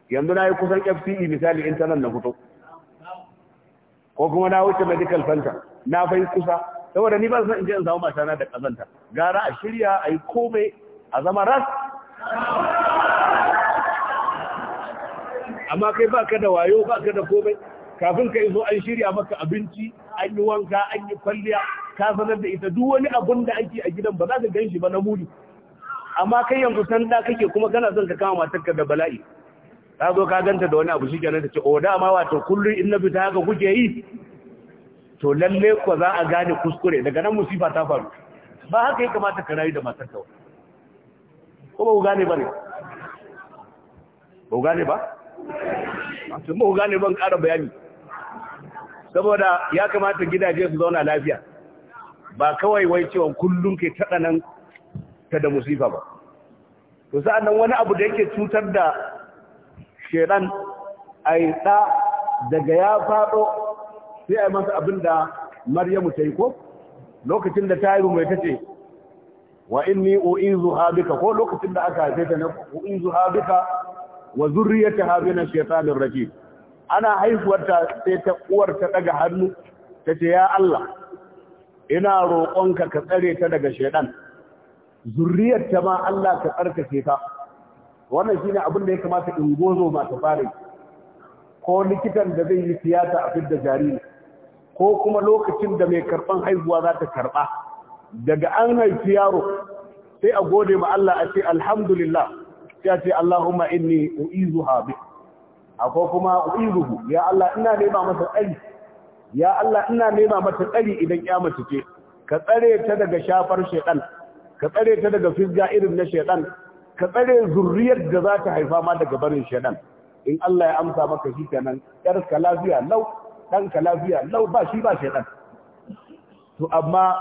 [SPEAKER 1] yanzu na yi kusan fce misali intanet na fito ko kuma na wuce medical center na bai kusa saboda ni ba san in je in samu da kazanta gara a shirya a yi komai a zama ras amma kai ba ka da wayo ba ka da komai kafin ka iso an shirya maka abinci an yi wanka an yi kwalliya ka sanar da ita duk wani abun da ake a gidan ba za ka gan shi ba na muni amma kai yanzu san da kake kuma kana son ka kama matarka da bala'i ta zo ka ganta da wani abu shi kenan ta ce o oh, dama wato kullum in na fita haka kuke yi to lalle ko za a gane kuskure daga nan musifa ta faru ba haka ya kamata ka rayu da matar ka ko ba ku gane ba ne ba ku gane ba tun ba ku gane ban ƙara bayani saboda ya kamata gidaje su zauna lafiya ba kawai wai cewa kullum ke taɗa nan ta da musifa ba to sa'an nan wani abu da yake cutar da shedan ai da daga ya fado sai ai masa abinda maryamu ta yi ko lokacin da ta yi mai tace wa inni zuha bika ko lokacin da aka haife ta na zuha bika wa zurriyataha min ash-shaytanir rajim ana haifuwarta sai ta uwar ta daga hannu tace ya Allah ina roƙonka ka tsare ta daga shedan zurriyarta ma Allah ka tsarkake ta wannan shine abin da ya kamata in gozo masu fare ko likitan da zai yi tiyata a fidda jariri ko kuma lokacin da mai karban haihuwa za ta karba daga an haifi yaro sai a gode ma Allah a ce alhamdulillah sai a ce Allahumma inni uizu bi akwai kuma u'izuhu ya Allah ina nema masa tsari ya Allah ina nema mata tsari idan ya mace ce ka tsare ta daga shafar shaiɗan. ka tsare ta daga fisga irin na shaiɗan. ka tsare zurriyar da za ta haifa ma daga barin shaɗan in Allah ya amsa maka shi kenan yar ka lafiya lau ɗan ka lau ba shi ba shaɗan to amma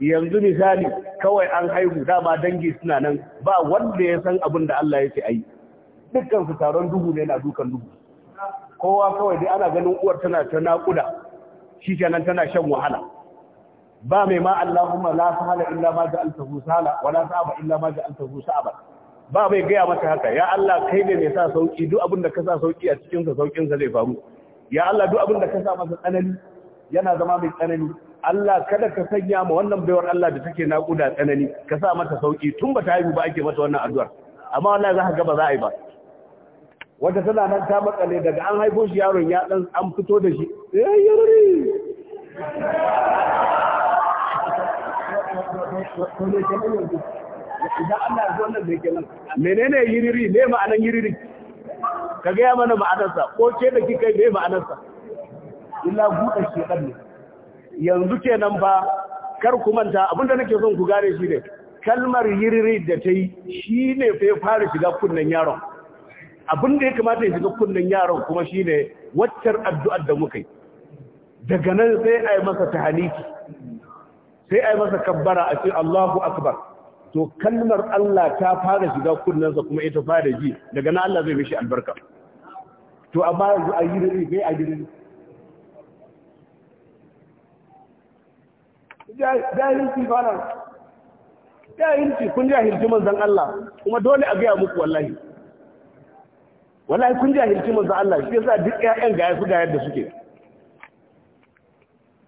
[SPEAKER 1] yanzu misali kawai an haihu dama dangi suna nan ba wanda ya san abin da Allah ya ce ayi dukkan su taron duhu ne na dukan duhu kowa kawai dai ana ganin uwar tana ta nakuda shi kenan tana shan wahala ba mai ma Allahumma la sahala illa ma ja'altahu sahala wa la sa'aba illa ma ja'altahu sa'aba ba mai gaya maka haka ya Allah kai ne mai sa sauki duk abin da ka sa sauki a cikin sa saukin sa zai faru ya Allah duk abin da ka sa masa tsanani yana zama mai tsanani Allah kada ka sanya ma wannan baiwar Allah da take naƙuda tsanani ka sa mata sauki tun ba ta yi ba ake mata wannan addu'ar amma wallahi za ka ga ba za a yi ba wata tana nan ta makale daga an haifo shi yaron ya dan an fito da shi eh yarori idan Allah zo nan da menene yiriri me ma'anan yiriri ka gaya mana ma'anarsa ko ce da kika ne me ma'anarsa illa gudu shi ne yanzu kenan ba kar ku manta abinda nake son ku gane shi ne kalmar yiriri da ta yi shi ne fa ya fara shiga kunnen yaron abinda ya kamata ya shiga kunnen yaron kuma shi ne waccar addu'ar da muka yi daga nan sai a yi masa ta sai ai masa kabbara a ce Allahu akbar to kalmar Allah ta fara shiga kunnen-sa kuma ita fara ji daga nan Allah zai mishi albarka to amma yanzu a yi riri kai a yi riri jahilci fara jahilci kun jahilci manzan Allah kuma dole a gaya muku wallahi wallahi kun jahilci manzan Allah shi yasa duk ƴaƴan ga su ga yadda suke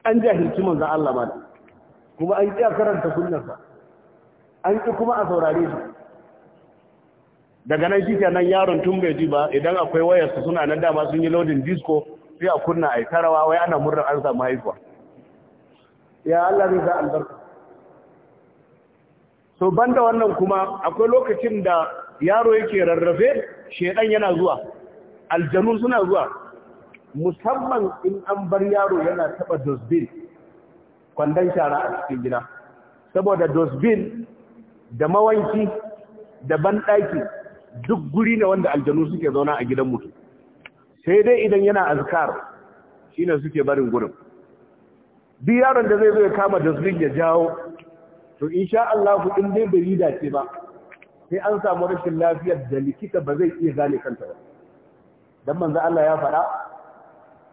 [SPEAKER 1] an jahilci manzan Allah ma kuma an ƙi a karanta sunnarsa an ƙi kuma a saurare su. daga nan shi nan yaron tun bai ji ba idan akwai wayarsa suna nan dama sun yi lodin disco sai a kunna a yi tarawa wai ana murnar an samu haihuwa ya Allah zai za a albarka so da wannan kuma akwai lokacin da yaro yake rarrafe shedan yana zuwa aljanu suna zuwa musamman in an bar yaro yana taba dosbin kwandon shara a cikin gida saboda dosbin da mawanki da banɗaki duk guri ne wanda aljanu suke zauna a gidan mutu. sai dai idan yana azkar ne suke barin gurin bi yaron da zai zo ya kama dosbin ya jawo to insha Allah ku in dai bai dace ba sai an samu rashin lafiyar da likita ba zai iya gane kanta ba dan manzo Allah ya faɗa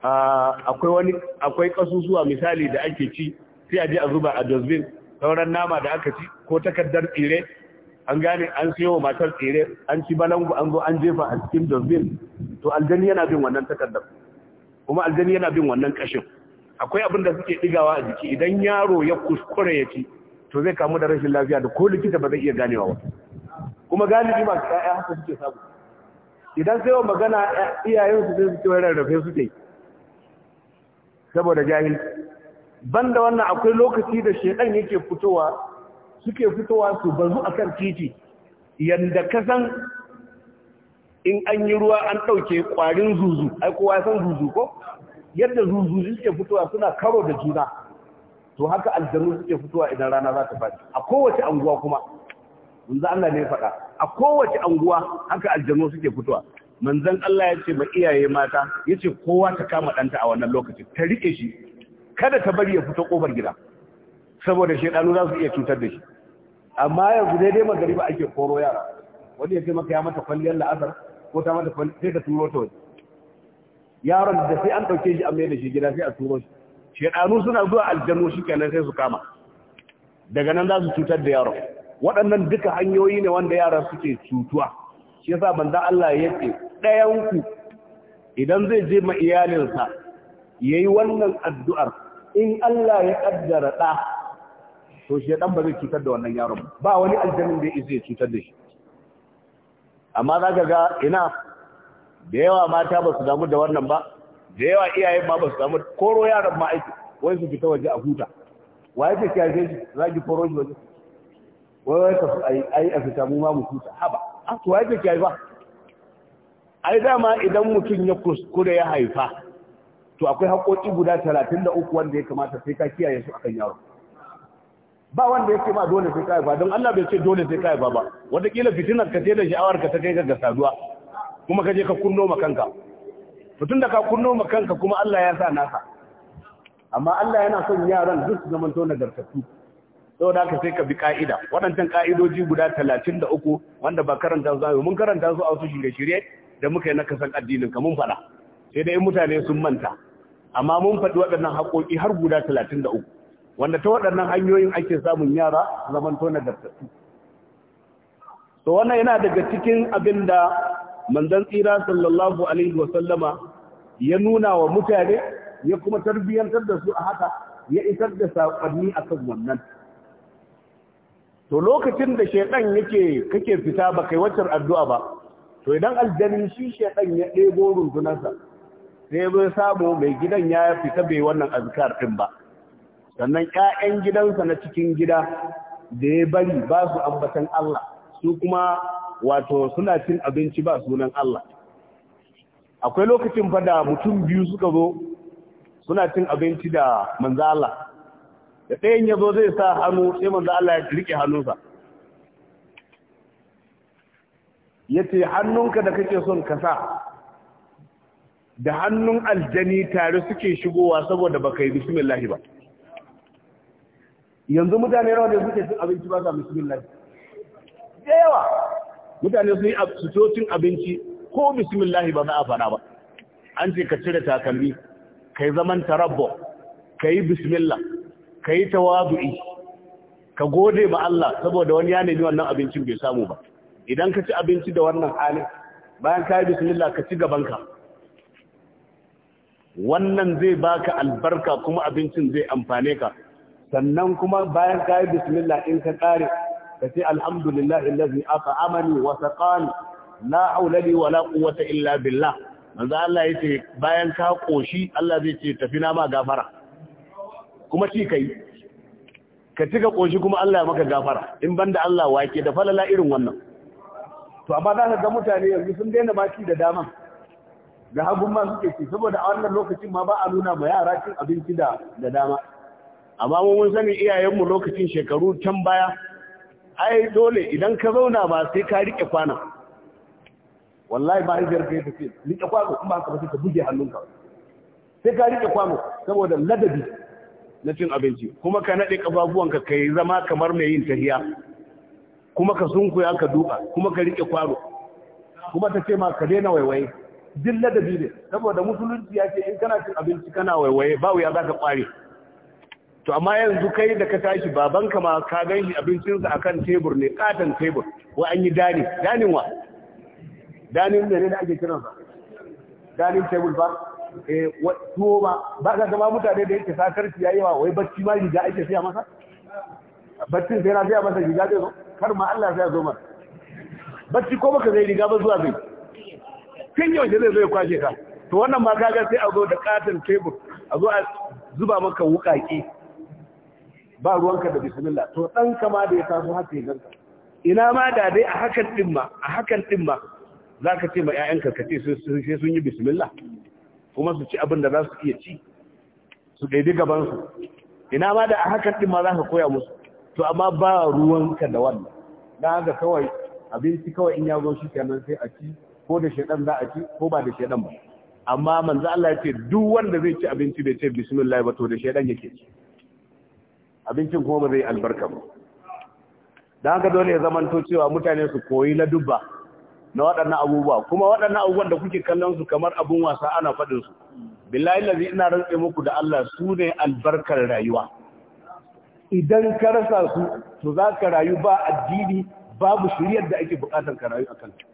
[SPEAKER 1] ah, akwai wani akwai kasusuwa misali da ake ci sai a je a zuba a dozbin sauran nama da aka ci ko takardar tsire an gane an siyo wa matar tsire an ci balangu an zo an jefa a cikin dozbin to aljani yana bin wannan takardar kuma aljani yana bin wannan kashin akwai abin da suke digawa a jiki idan yaro ya kuskure ya ci to zai kamu da rashin lafiya da ko likita ba zai iya ganewa ba kuma galibi ba ƴaƴa haka suke samu idan sai wa magana iyayen su sai suke rarrafe suke saboda jahilci banda wannan akwai lokaci da shedan yake fitowa suke fitowa su bazu akan titi yanda ka san in an yi ruwa an ɗauke ƙwarin zuzu ai kowa san zuzu ko yadda zuzu suke fitowa suna karo da juna to haka aljanu suke fitowa idan rana za ta faɗi a kowace anguwa kuma manzan Allah ne faɗa a kowace anguwa haka aljanu suke fitowa manzon Allah ya ce ma iyaye mata yace kowa ta kama ɗanta a wannan lokacin ta rike shi kada ta bari ya fito kofar gida saboda shedanu za su iya cutar da shi amma yanzu dai-dai magariba ake koro yara wani ya ce maka ya mata kwalliyar la'asar ko ta mata sai ka turo ta waje yaron da sai an ɗauke shi an mai da shi gida sai a turo shi shedanu suna zuwa aljanu shi kenan sai su kama daga nan za su cutar da yaron waɗannan duka hanyoyi ne wanda yara suke cutuwa shi yasa banza Allah ya ce ɗayan ku idan zai je ma iyalinsa yayi wannan addu'ar in Allah ya kaddara ɗa to shi ɗan ba zai cutar da wannan yaron ba wani aljamin da ya cutar da shi amma za ka ga ina da yawa mata ba su damu da wannan ba da yawa iyayen ma ba su damu koro yaron ma aiki wai su fita waje a huta wa yake kiyaye shi za ki koro shi waje wai wai ka ai a fita mu ma mu huta haba a to wa yake kiyaye ba ai dama idan mutum ya kuskure ya haifa to akwai haƙoƙi guda 33 wanda ya kamata sai ka kiyaye su akan yaro ba wanda yake ma dole sai ka haifa don Allah bai ce dole sai ka haifa ba kila fitinar ka ce da sha'awar ka ta kai ga saduwa kuma ka je ka kunno ma kanka to tunda ka kunno ma kanka kuma Allah ya sa naka amma Allah yana son yaran duk zaman to nagartattu saboda haka sai ka bi ka'ida waɗancan ka'idoji guda 33 wanda ba karanta su mun karanta su a wasu shirye-shirye da muka yi na kasan addinin ka mun faɗa sai dai mutane sun manta amma mun faɗi waɗannan haƙoƙi har guda 33 wanda ta waɗannan hanyoyin ake samun yara zaman tona daftattu to wannan yana daga cikin abin da manzon tsira sallallahu alaihi sallama ya nuna wa mutane ya kuma tarbiyyantar da su a haka ya isar da saƙonni akan wannan to lokacin da shaidan yake kake fita ba kai wacce addu'a ba to idan aljanin shi shaidan ya ɗebo rundunarsa sai mun samu mai gidan ya fi bai wannan azkar din ba sannan ƴaƴan gidansa na cikin gida da ya bari ba su ambatan Allah su kuma wato suna cin abinci ba sunan Allah akwai lokacin fa da mutum biyu suka zo suna cin abinci da manzo Allah da ɗayan ya zo zai sa hannu sai manzo Allah ya rike hannunsa yace hannunka da kake son ka sa da hannun aljani tare suke shigowa saboda baka yi bismillahi ba yanzu mutane rawa da suke cin abinci ba sa bismillahi da yawa mutane su yi cin abinci ko bismillahi ba za a fara ba an ce ka cire takalmi ka yi zaman tarabbo yi bismillah yi tawadu'i ka gode ma Allah saboda wani ya nemi wannan abincin bai samu ba idan ka ci abinci da wannan halin bayan ka yi bismillah ka ci gabanka wannan zai baka albarka kuma abincin zai amfane ka sannan kuma bayan ka yi bismillah in ka kare ka ce alhamdulillah illazi aka amani wa saqani la haula li wala quwwata illa billah manzo Allah yace bayan ka koshi Allah zai ce tafi na ma gafara kuma ci kai ka cika koshi kuma Allah ya maka gafara in banda Allah wake da falala irin wannan to amma za ga mutane yanzu sun daina baki da dama da hagun ma suke ci saboda a wannan lokacin ma ba a nuna ma yara cin abinci da da dama amma mun sani iyayenmu lokacin shekaru can baya ai dole idan ka zauna ba sai ka rike kwana wallahi ba hijiyar ka yi rike kwano in ka sai ka buge hannunka sai ka rike kwano saboda ladabi na cin abinci kuma ka naɗe kafafuwanka ka yi zama kamar mai yin tahiya kuma ka sunkuya ka duka kuma ka rike kwano kuma ta ce ma ka daina waiwaye duk ladabi ne saboda musulunci ya ce in kana cin abinci kana waiwaye ba wuya za ka kware to amma yanzu kai da ka tashi babanka ma ka gan shi abincinsa akan tebur ne ƙaton tebur wa an yi dani danin wa danin ne da ake kiransa danin tebur ba eh tuwo ba ba ka gama mutane da yake sakarci yayi wa wai bacci ma riga ake siya masa baccin sai na siya masa riga zai zo kar ma Allah sai ya zo masa bacci ko baka zai riga ba zuwa zai tun yaushe zai zo ya kwashe ka to wannan ma kaga sai a zo da katin tebur a zo a zuba maka wukaki ba ruwanka da bismillah to dan kama da ya taso haka ya ka. ina ma da dai a hakan din ma a hakan din ma zaka ce ma 'ya'yan ka sai sun yi bismillah kuma su ci abin da za su iya ci su daidai gaban su ina ma da a hakan din ma zaka koya musu to amma ba ruwanka da wannan dan haka kawai abinci kawai in ya zo shi kenan sai a ci ko da shaidan za a ci ko ba da shaidan ba amma manzo Allah ya ce duk wanda zai ci abinci da ce bismillah ba to da shaidan yake ci abincin kuma ba zai albarka ba dan haka dole ya zamanto cewa mutane su koyi dubba na waɗannan abubuwa kuma waɗannan abubuwan da kuke kallon su kamar abun wasa ana faɗin su billahi lazi ina rantse muku da Allah su ne albarkar rayuwa idan ka rasa su to za ka rayu ba addini babu shiryar da ake bukatar ka rayu a kanta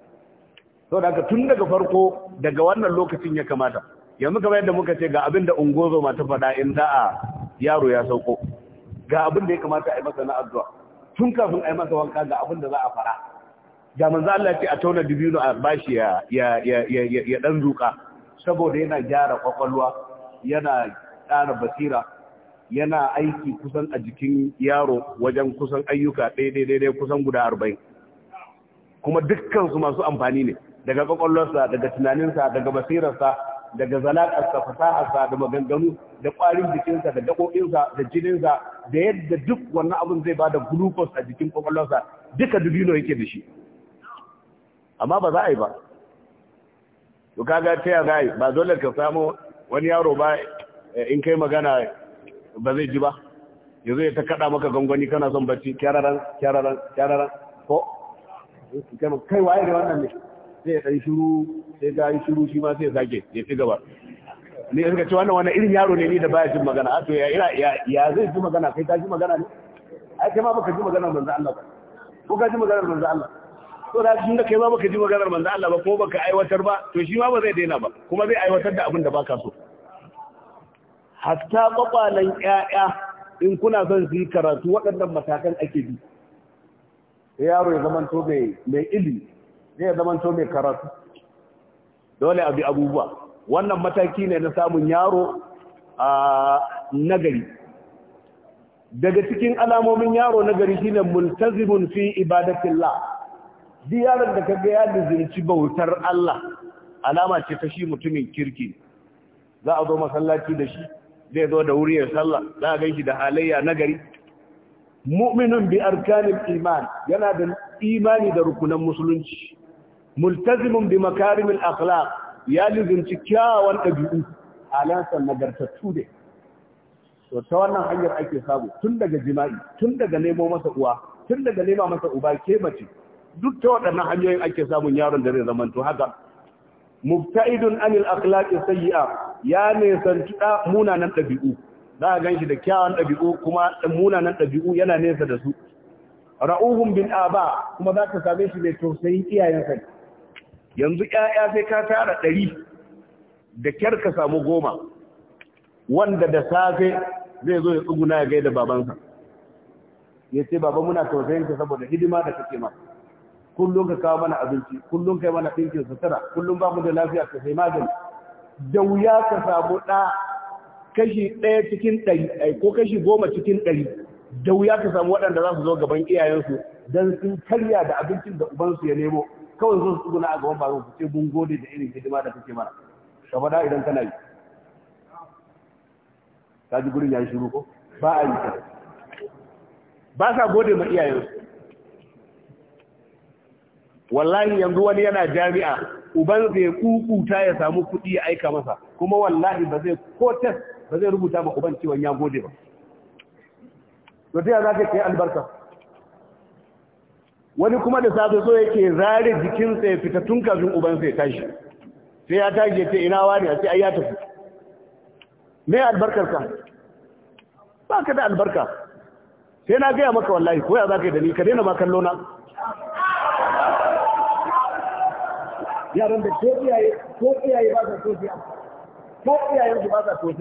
[SPEAKER 1] sau da tun daga farko daga wannan lokacin ya kamata yanzu kamar yadda muka ce ga abin da ungozo ta faɗa in za a yaro ya sauko ga abin da ya kamata a yi masa na addu'a tun kafin a yi masa wanka ga abin da za a fara. Ga manzo Allah ce a tauna dibino a bashi ya ya ya dan zuka saboda yana gyara kwakwalwa yana tsara basira yana aiki kusan a jikin yaro wajen kusan ayyuka ɗaya daidai kusan guda arba'in kuma dukkansu masu amfani ne daga kwakwallonsa daga tunaninsa daga basirarsa daga zalaƙarsa fasaharsa da maganganu da ƙwarin jikinsa da daƙoƙinsa da jininsa da yadda duk wannan abin zai bada glucose a jikin kwakwallonsa duka dubino yake da shi amma ba za a yi ba to kaga ta ya za ba dole ka samu wani yaro ba eh, in kai magana ba zai ji ba yanzu ya ta kaɗa maka gangwani kana son bacci kyararan kyararan kyararan ko kai waye da wannan ne sai ya ɗan shiru sai ga yi shiru shi ma sai ya sake ya ci gaba ne ya ce wannan wani irin yaro ne ni da baya jin magana a to ya ya zai ji magana kai ka ji magana ne ai kai ma baka ji maganar manzo Allah ba ko ka ji maganar manzo Allah to da tun da kai ma baka ji maganar manzo Allah ba ko baka aiwatar ba to shi ma ba zai daina ba kuma zai aiwatar da abin da baka so hatta kwakwalan ƴaƴa in kuna son su yi karatu waɗannan matakan ake bi yaro ya zama to mai ilimi zai zamanto mai karatu dole abi abubuwa wannan mataki ne na samun yaro a nagari daga cikin alamomin yaro nagari shine multazimun fi ibadatillah duk yaron da kaga ya lizinci bautar Allah alama ce ta shi mutumin kirki za a zo masallaci da shi zai zo da wuri sallah za a shi da halayya nagari mu'minun bi arkanil iman yana da imani da rukunan musulunci multazimun bi makarimil akhlaq ya lizinci kyawawan ɗabi'u alasan nagartattu ne to ta wannan hanyar ake samu tun daga jima'i tun daga nemo masa uwa tun daga nema masa uba ke mace duk ta waɗannan hanyoyin ake samun yaron da zai zamanto haka mubta'idun anil akhlaqi sayyi'a ya ne santi da munanan ɗabi'u za a ganshi da kyawawan ɗabi'u kuma munanan ɗabi'u yana nesa da su ra'uhum bin aba kuma za ka same shi mai tausayin iyayensa yanzu ƴaƴa sai ka tara ɗari da kyar ka samu goma wanda da safe zai zo ya tsuguna ya gaida babansa ya ce baba muna tausayin ka saboda hidima da kake ma kullum ka kawo mana abinci kullum kai mana ɗinkin sutura kullum ba mu da lafiya ka sai magani da wuya ka samu ɗa kashi ɗaya cikin ɗari ko kashi goma cikin ɗari da wuya ka samu waɗanda za su zo gaban iyayensu don sun karya da abincin da ubansu ya nemo kawai zo su tsuguna a gaban baro ku ce mun gode da irin hidima da kake mana ka faɗa idan kana yi ka ji gurin ya yi shiru ko ba a yi ta ba sa gode ma iyayen wallahi yanzu wani yana jami'a uban zai kukuta ya samu kuɗi ya aika masa kuma wallahi ba zai ko test ba zai rubuta ma uban cewa ya gode ba to ta za ka kai albarka wani kuma da safe so yake zare jikinsa ya fita tun kafin ubansa ya tashi sai ya tashi ya ce ina wani a ce ai ya tafi me ka ba ka da albarka sai na gaya maka wallahi koya za ka yi da ni ka daina ma kallo na yaran da ko iyaye ko iyaye ba sa so ko iyayen su ba sa so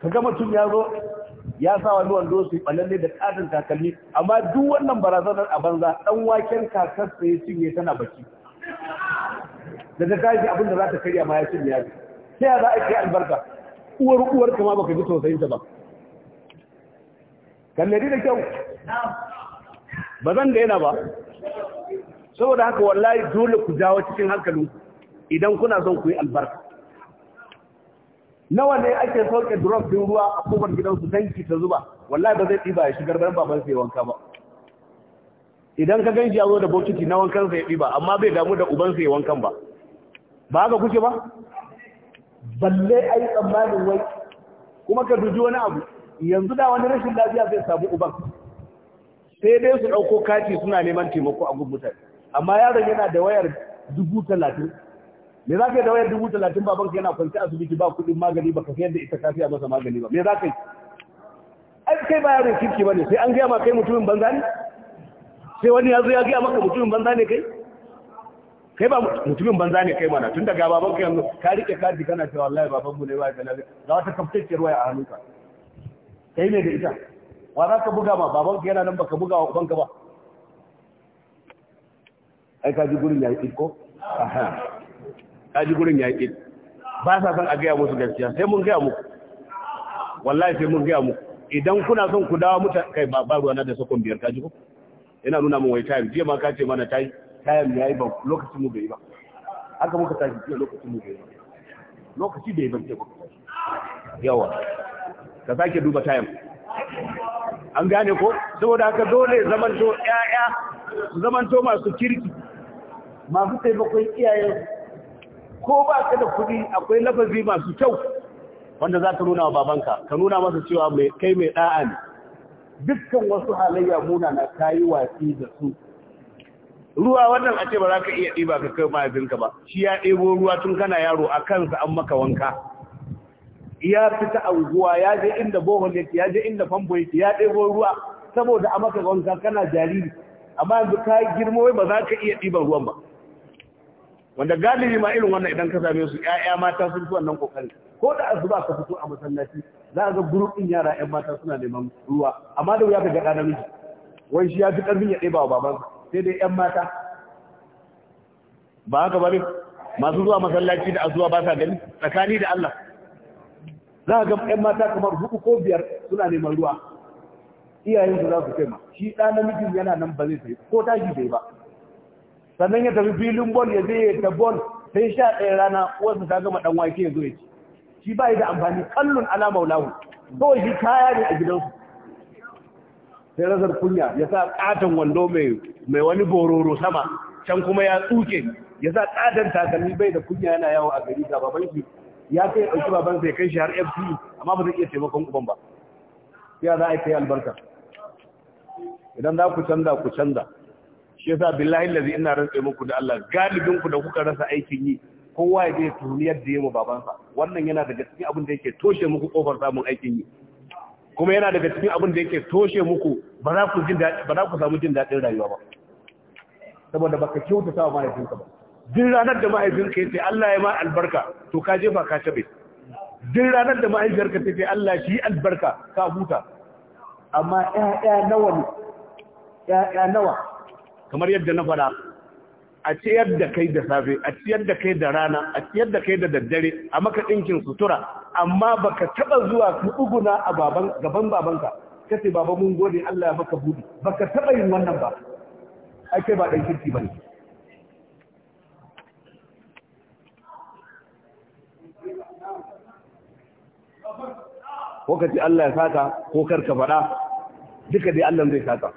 [SPEAKER 1] ka ga mutum ya zo ya sa wani wando su ballalle da katin takalmi amma duk wannan barazanar a banza dan waken kakar sa ya cinye tana baki da tashi abin da za ta karya ma ya cinye ya sai ya za a kai albarka uwar uwar kama baka ji tausayin ta ba kallari da kyau ba zan da yana ba saboda haka wallahi dole ku jawo cikin hankalinku idan kuna son ku yi albarka nawa ne ake sauke drop din ruwa a kofar gidansu tanki ta zuba wallahi ba zai ɗiba ya shigar ban baban sai wanka ba idan ka ganji ya zo da bokiti na wankan sai ɗiba amma bai damu da uban sai wankan ba ba haka kuke ba balle ai tsammanin wai kuma ka duji wani abu yanzu da wani rashin lafiya zai samu uban sai dai su ɗauko kati suna neman taimako a gun mutane amma yaron yana da wayar dubu talatin me za ka yi da wayar dubu talatin baban ka yana kwanci asibiti ba kuɗin magani ba ka fiye da ita kafiya masa magani ba me za ka yi ai kai ba yaro kirki ba ne sai an gaya ma kai mutumin banza ne sai wani ya zo ya gaya maka mutumin banza ne kai kai ba mutumin banza ne kai mana tun daga baban ka yanzu ka rike kadi kana cewa wallahi baban mu ne ba kana ga wata kaftacciyar waya a hannunka kai ne da ita wa za ka buga ma baban ka yana nan baka buga wa ubanka ba ai ka ji gurin ya yi ko aha kaji gurin ya ƙi ba sa son a gaya musu gaskiya sai mun gaya muku wallahi sai mun gaya muku idan kuna son ku dawo muta kai ba ba ruwana da sakon biyar kaji ko ina nuna mun wai time jiya ma ka ce mana time ya yayi ba lokacin mu bai ba haka muka tashi jiya lokacin mu bai ba lokaci bai ban ce ba yawa ka sake duba time an gane ko saboda haka dole zamanto ƴaƴa zamanto masu kirki masu taimakon iyayen ko ba ka da kuɗi akwai lafazi masu kyau wanda za ka nuna wa babanka ka nuna masa cewa kai mai ɗa'a ne dukkan wasu halayya muna na kayi watsi da su ruwa wannan a ce ba za ka iya ɗiba ka kai mahaifinka ba shi ya ɗebo ruwa tun kana yaro a kansa an maka wanka ya fita a anguwa ya je inda bohol yake ya je inda famfo yake ya ɗebo ruwa saboda a maka wanka kana jariri amma yanzu ka girma ba za ka iya ɗiban ruwan ba wanda galibi ma irin wannan idan ka same su ƴaƴa mata sun fi wannan kokari ko da zuba ka fito a masallaci za ga gurbin yara ƴan mata suna neman ruwa amma da wuya ka ga ɗan miji wai shi ya fi ƙarfin ya ɗeba wa baban sai dai ƴan mata ba haka ba ne masu zuwa masallaci da azuwa ba sa gani tsakani da Allah za ga ƴan mata kamar hudu ko biyar suna neman ruwa su za su kai ma shi ɗan mijin yana nan ba zai sai ko tashi bai ba sannan ya tafi filin bol ya je ta bol sai sha ɗaya rana wasu ta gama ɗan wake ya zo ya ci shi ba da amfani kallon alama wulahu kawai shi kaya ne a gidansu sai rasar kunya ya sa ƙaton wando mai wani bororo sama can kuma ya tsuke ya sa ƙaton takalmi bai da kunya yana yawo a gari ga baban shi ya kai ɗauki baban sai kai shi har fc amma ba zai iya taimakon uban ba sai za a yi kai albarka idan za ku canza ku canza shi yasa billahi allazi ina rantsa muku da Allah galibin ku da kuka rasa aikin yi kowa ya je tuni yadda yayi babansa wannan yana daga cikin abin da yake toshe muku kofar samun aikin yi kuma yana daga cikin abin da yake toshe muku ba za ku jin daɗi ba za ku samu jin dadin rayuwa ba saboda baka kyautata wa ka ba din ranar da mahaifinka ya ce Allah ya ma albarka to ka jefa ka tabe din ranar da mahaifiyarka ta ce Allah shi albarka ka huta amma ya nawa ne ya nawa kamar yadda na faɗa a ciyar da kai da safe a ciyar da kai da rana a ciyar da kai da daddare a maka ɗinkin sutura amma baka taɓa zuwa ku uguna a baban gaban babanka kace baba mun gode Allah ya maka budi baka taɓa yin wannan ba ai kai ba ɗan kirki bane ko ka ce Allah ya saka ko karka faɗa duka dai Allah zai saka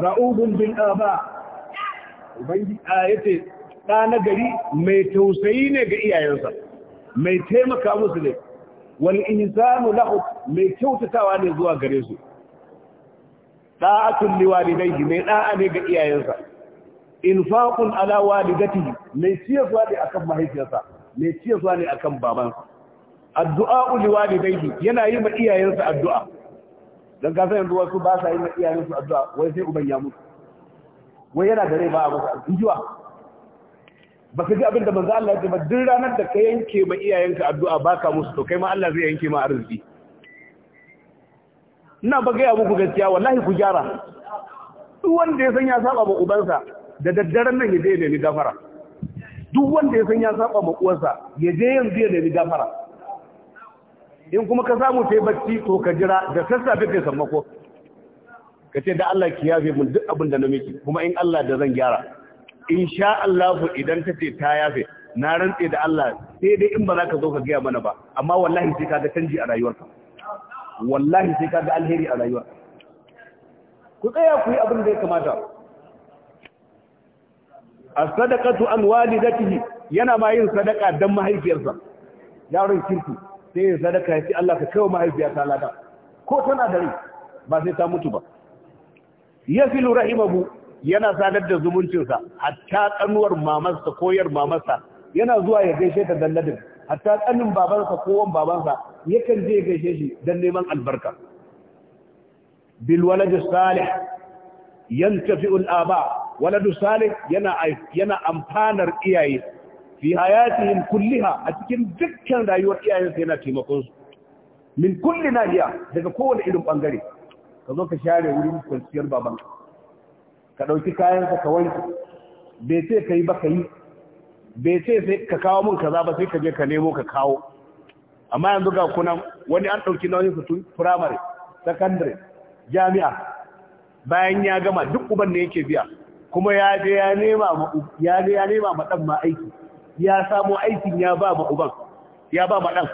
[SPEAKER 1] ra'udun bin aba ubangi a da na gari mai tausayi ne ga iyayensa mai taimaka musu ne wal insanu lahu mai kyautatawa ne zuwa gare su da'atul liwalidayhi mai da'a ne ga iyayensa infaqun ala walidatihi mai ciyarwa ne akan mahaifiyarsa mai ciyarwa ne akan babansa addu'a liwalidayhi yana yi ma iyayensa addu'a don ka sanin ruwa su ba sa yi na iyayen su addu'a wai sai uban ya mutu wai yana da rai ba a masa injiwa ba ka ji abin da manzo Allah ya ba duk ranar da ka yanke ma iyayenka addu'a ba ka musu to kai ma Allah zai yanke ma arziki ina ba gaya muku gaskiya wallahi ku gyara duk wanda ya san ya saba ma ubansa da daddaren nan ya je ne ni gafara duk wanda ya san ya saba ma uwansa ya je yanzu ya nemi gafara in kuma ka samu ta yi bacci to ka jira da sassafe kai sammako ka ce da Allah ki yafe mun duk abin da na miki kuma in Allah da zan gyara sha Allah idan ta ce ta yafe na rantse da Allah sai dai in ba za ka zo ka gaya mana ba amma wallahi sai ka ga canji a rayuwarka wallahi sai ka ga alheri a rayuwarka ku tsaya ku yi abin da ya kamata as-sadaqatu an walidatihi yana ma yin sadaka dan mahaifiyarsa yaron kirki sai ya sadaka ya ce Allah ka kawo mahaifiya ta lada ko tana da rai ba sai ta mutu ba ya filu rahimahu yana sadar da zumuncinsa hatta kanuwar mamarsa koyar mamarsa yana zuwa ya gaishe ta dan ladin hatta kanin babansa ko wan babansa yakan je ya gaishe shi dan neman albarka bil walad salih yantafi al aba Waladu salih yana amfanar iyaye fi hayatihim kulliha a cikin dukkan rayuwar iyayensa yana taimakon su min kulli nahiya daga kowane irin bangare ka zo ka share wurin kwanciyar baban ka dauki kayan ka wanke bai ce ka yi ba ka yi bai ce sai ka kawo mun kaza ba sai ka je ka nemo ka kawo amma yanzu ga kunan wani an dauki nauyin su primary secondary jami'a bayan ya gama duk uban ne yake biya kuma ya je ya nema ma ya je ya nema ma ma aiki ya samo aikin ya ba ma uban ya ba ma ɗan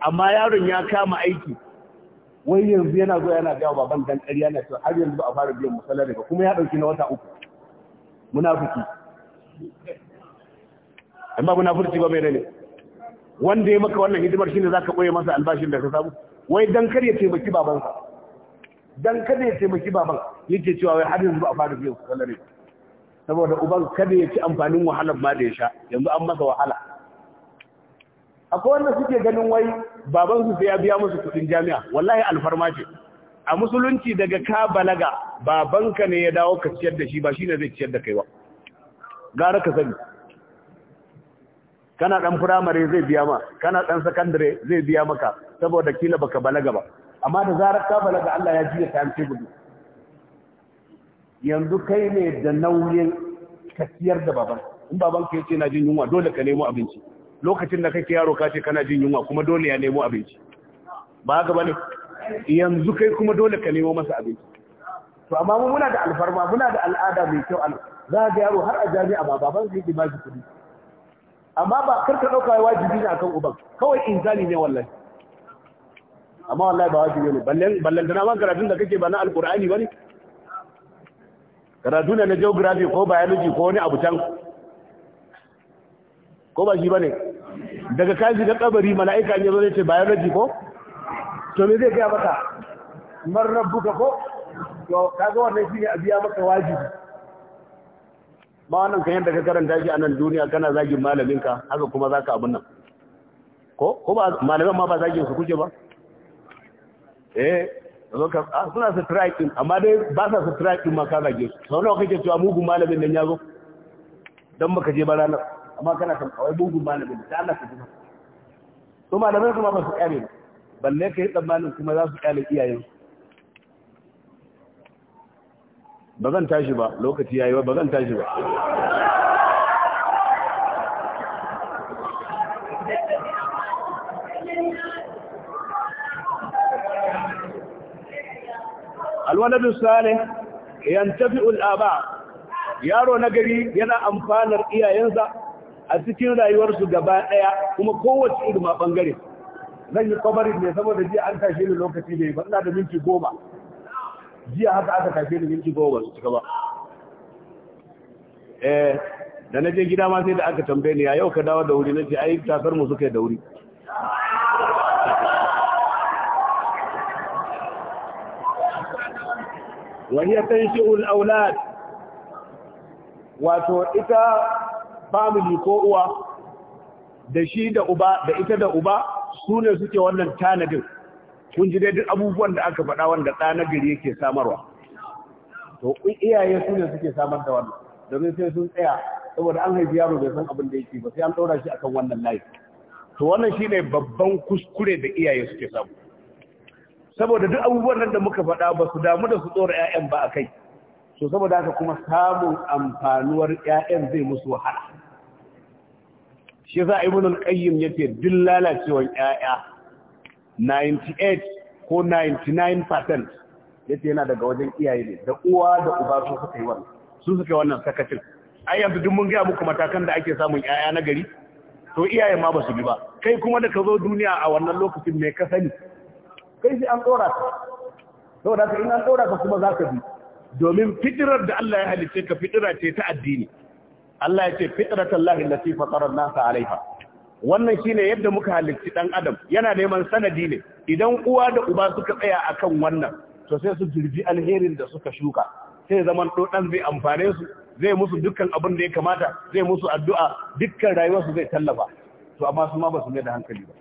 [SPEAKER 1] amma yaron ya kama aiki wai yanzu yana zo yana gawa baban dan ƙarya yana cewa har yanzu ba a fara biyan musalar daga kuma ya ɗauki na wata uku munafiki amma munafurci ba mai ne wanda ya maka wannan hidimar shine zaka koye masa albashin da ka samu wai dan kar ya taimaki babansa dan kada ya taimaki baban yake cewa wai har yanzu ba a fara biyan musallar daga saboda uban kada ya ci amfanin wahalar ma da ya sha yanzu an masa wahala akwai wanda suke ganin wai baban su sai ya biya musu kudin jami'a wallahi alfarma ce a musulunci daga ka balaga babanka ne ya dawo ka ciyar da shi ba shine zai ciyar da kai ba gara ka sani kana dan firamare zai biya ma kana dan sakandare zai biya maka saboda kila baka balaga ba amma da zarar ka balaga Allah ya jiya ta hanci gudu yanzu kai ne da nauyin kasiyar da baban in baban ka yace na jin yunwa dole ka nemo abinci lokacin da kake yaro ka ce kana jin yunwa kuma dole ya nemo abinci ba ga bane yanzu kai kuma dole ka nemo masa abinci to amma mu muna da alfarma muna da al'ada mai kyau an za ga yaro har a jami'a ba baban zai ba shi kudi amma ba karka dauka wajibi ne akan uban kawai inzali ne wallahi amma wallahi ba wajibi ne ballan ballan da na magana karatun da kake ba na alqur'ani bane karatu ne na geography ko biology ko wani abu can ko ba shi ba ne daga kan shiga kabari mala'ika ne zai ce biology ko to me zai gaya maka man rabbuka ko to kaga wannan shine a biya maka wajibi ba wannan kan yadda ka karanta shi a nan duniya kana zagin malaminka haka kuma zaka abun nan ko ko ba malamin ma ba zagin su kuke ba eh Ah, suna strike amma dai ba sa strike ma ka zage su sau nawa kake cewa mugun malamin nan ya zo don baka je ba ranar amma kana kan kawai mugun malamin da Allah ka jima to malamin kuma ba su kyale ba balle kai tsammanin kuma za su kyale iyayen ba zan tashi ba lokaci yayi ba zan tashi ba
[SPEAKER 2] alwaladun salih
[SPEAKER 1] yantafi ulaba, yaro na gari yana amfanar iyayensa a cikin rayuwarsu gaba daya kuma kowace irma bangare zan yi kwabarin ne saboda jiya an tashi ne lokaci ne ba ina da minti goma jiya haka aka tashi ne minti goma su cika ba eh da na je gida ma sai da aka tambaye ni a yau ka dawo da wuri na ce ai tasar mu suka yi da wuri وهي تنشئ الأولاد wato ita famili ko uwa da shi da uba da ita da uba su ne suke wannan tanadin kun ji duk abubuwan da aka faɗa wanda ɗa na gari yake samarwa to iyaye su ne suke samar da wannan domin sai sun tsaya saboda an haifi yaro bai san abin da yake ba sai an ɗora shi akan wannan layi to wannan shi ne babban kuskure da iyaye suke samu saboda duk abubuwan nan da muka faɗa ba su damu da su tsora 'ya'yan ba a kai so saboda haka kuma samun amfanuwar 'ya'yan zai musu wahala shi za a yi munin ƙayyim ya ce duk lalacewar 'ya'ya 98 ko 99% ya ce yana daga wajen iyaye ne da uwa da uba su suka yi wannan su suka yi wannan sakacin ai yanzu duk mun gaya muku matakan da ake samun ƴaƴa na gari to iyaye ma ba su bi ba kai kuma da ka zo duniya a wannan lokacin mai ka sani kai sai an dora ka saboda ka in an dora ka kuma zaka bi domin fitirar da Allah ya halice ka fitira ce ta addini Allah ya ce fitratan lahi lati fatara nasa alaiha wannan shine yadda muka halicci dan adam yana neman sanadi ne idan uwa da uba suka tsaya akan wannan to sai su jirbi alherin da suka shuka sai zaman to dan zai amfane su zai musu dukkan abin da ya kamata zai musu addu'a dukkan rayuwarsu zai tallafa to amma su ma ba su mai da hankali ba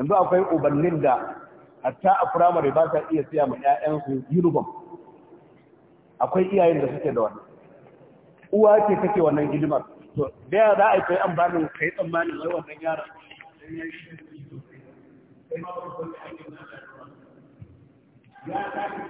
[SPEAKER 1] yanzu akwai ubannin da hatta a firamare ba iya siya ma 'ya'yansu uniform akwai iyayen da suke da wannan uwa ce take wannan hidimar to da ya za a yi kai amfanin kai tsammanin wai wannan yara
[SPEAKER 2] ya ta